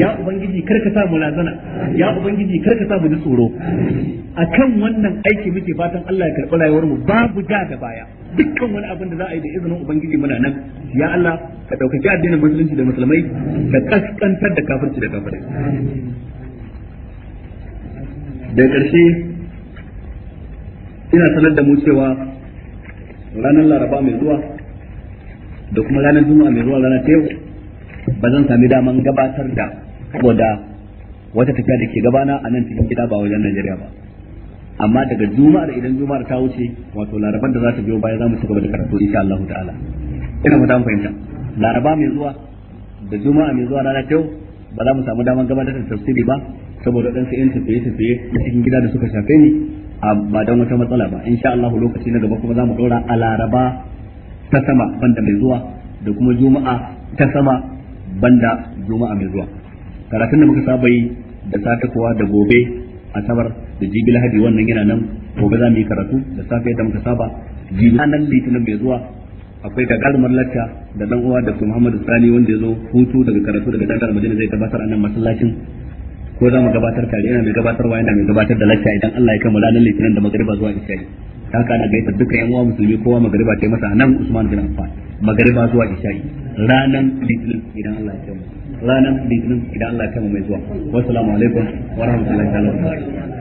ya ubangiji kar ka sa mu lazana ya ubangiji kar ka sa mu ji tsoro akan wannan aiki muke fatan Allah ya karɓi rayuwar mu babu ja da baya dukkan wani abin da za a yi da izinin ubangiji muna nan ya Allah ka ɗaukaki addinin musulunci da musulmai ka kaskantar da kafirci da kafirai da ƙarshe ina sanar da mu cewa ranar laraba mai zuwa da kuma ranar juma'a mai zuwa ranar ta yau ba zan sami daman gabatar da saboda wata tafiya da ke gabana a nan cikin gida ba wajen Najeriya ba amma daga juma'ar idan juma'ar ta wuce wato laraban da za ta biyo baya za mu ci gaba da karatu insha Allah ta'ala ina fata mun fahimta laraba mai zuwa da juma'a mai zuwa ranar ta yau ba za mu samu daman gabatar da tafsiri ba saboda dan sai tafiye tafiye na cikin gida da suka shafe ni ba dan wata matsala ba insha Allah lokaci na gaba kuma za mu ɗora a laraba ta sama banda mai zuwa da kuma juma'a ta sama banda juma'a mai zuwa karatun da muka saba yi da sata kuwa da gobe asabar da jibi lahadi wannan yana nan gobe za mu yi karatu da safe da muka saba jibi nan litinin mai zuwa akwai da kalmar lacca da dan uwa da Muhammadu Sani wanda ya zo hutu daga karatu daga dandar Madina zai gabatar a nan masallacin ko za mu gabatar tare yana mai gabatarwa yana mai gabatar da lacca idan Allah ya kammala nan litinin da magariba zuwa isha'i ta kana gaisa duka yan uwa musulmi kowa magariba ta masa nan Usman bin Affan magariba zuwa isha'i ranan litinin idan Allah ya kai mu ranan litinin idan Allah ya kai mu mai zuwa wassalamu alaikum wa rahmatullahi wa barakatuh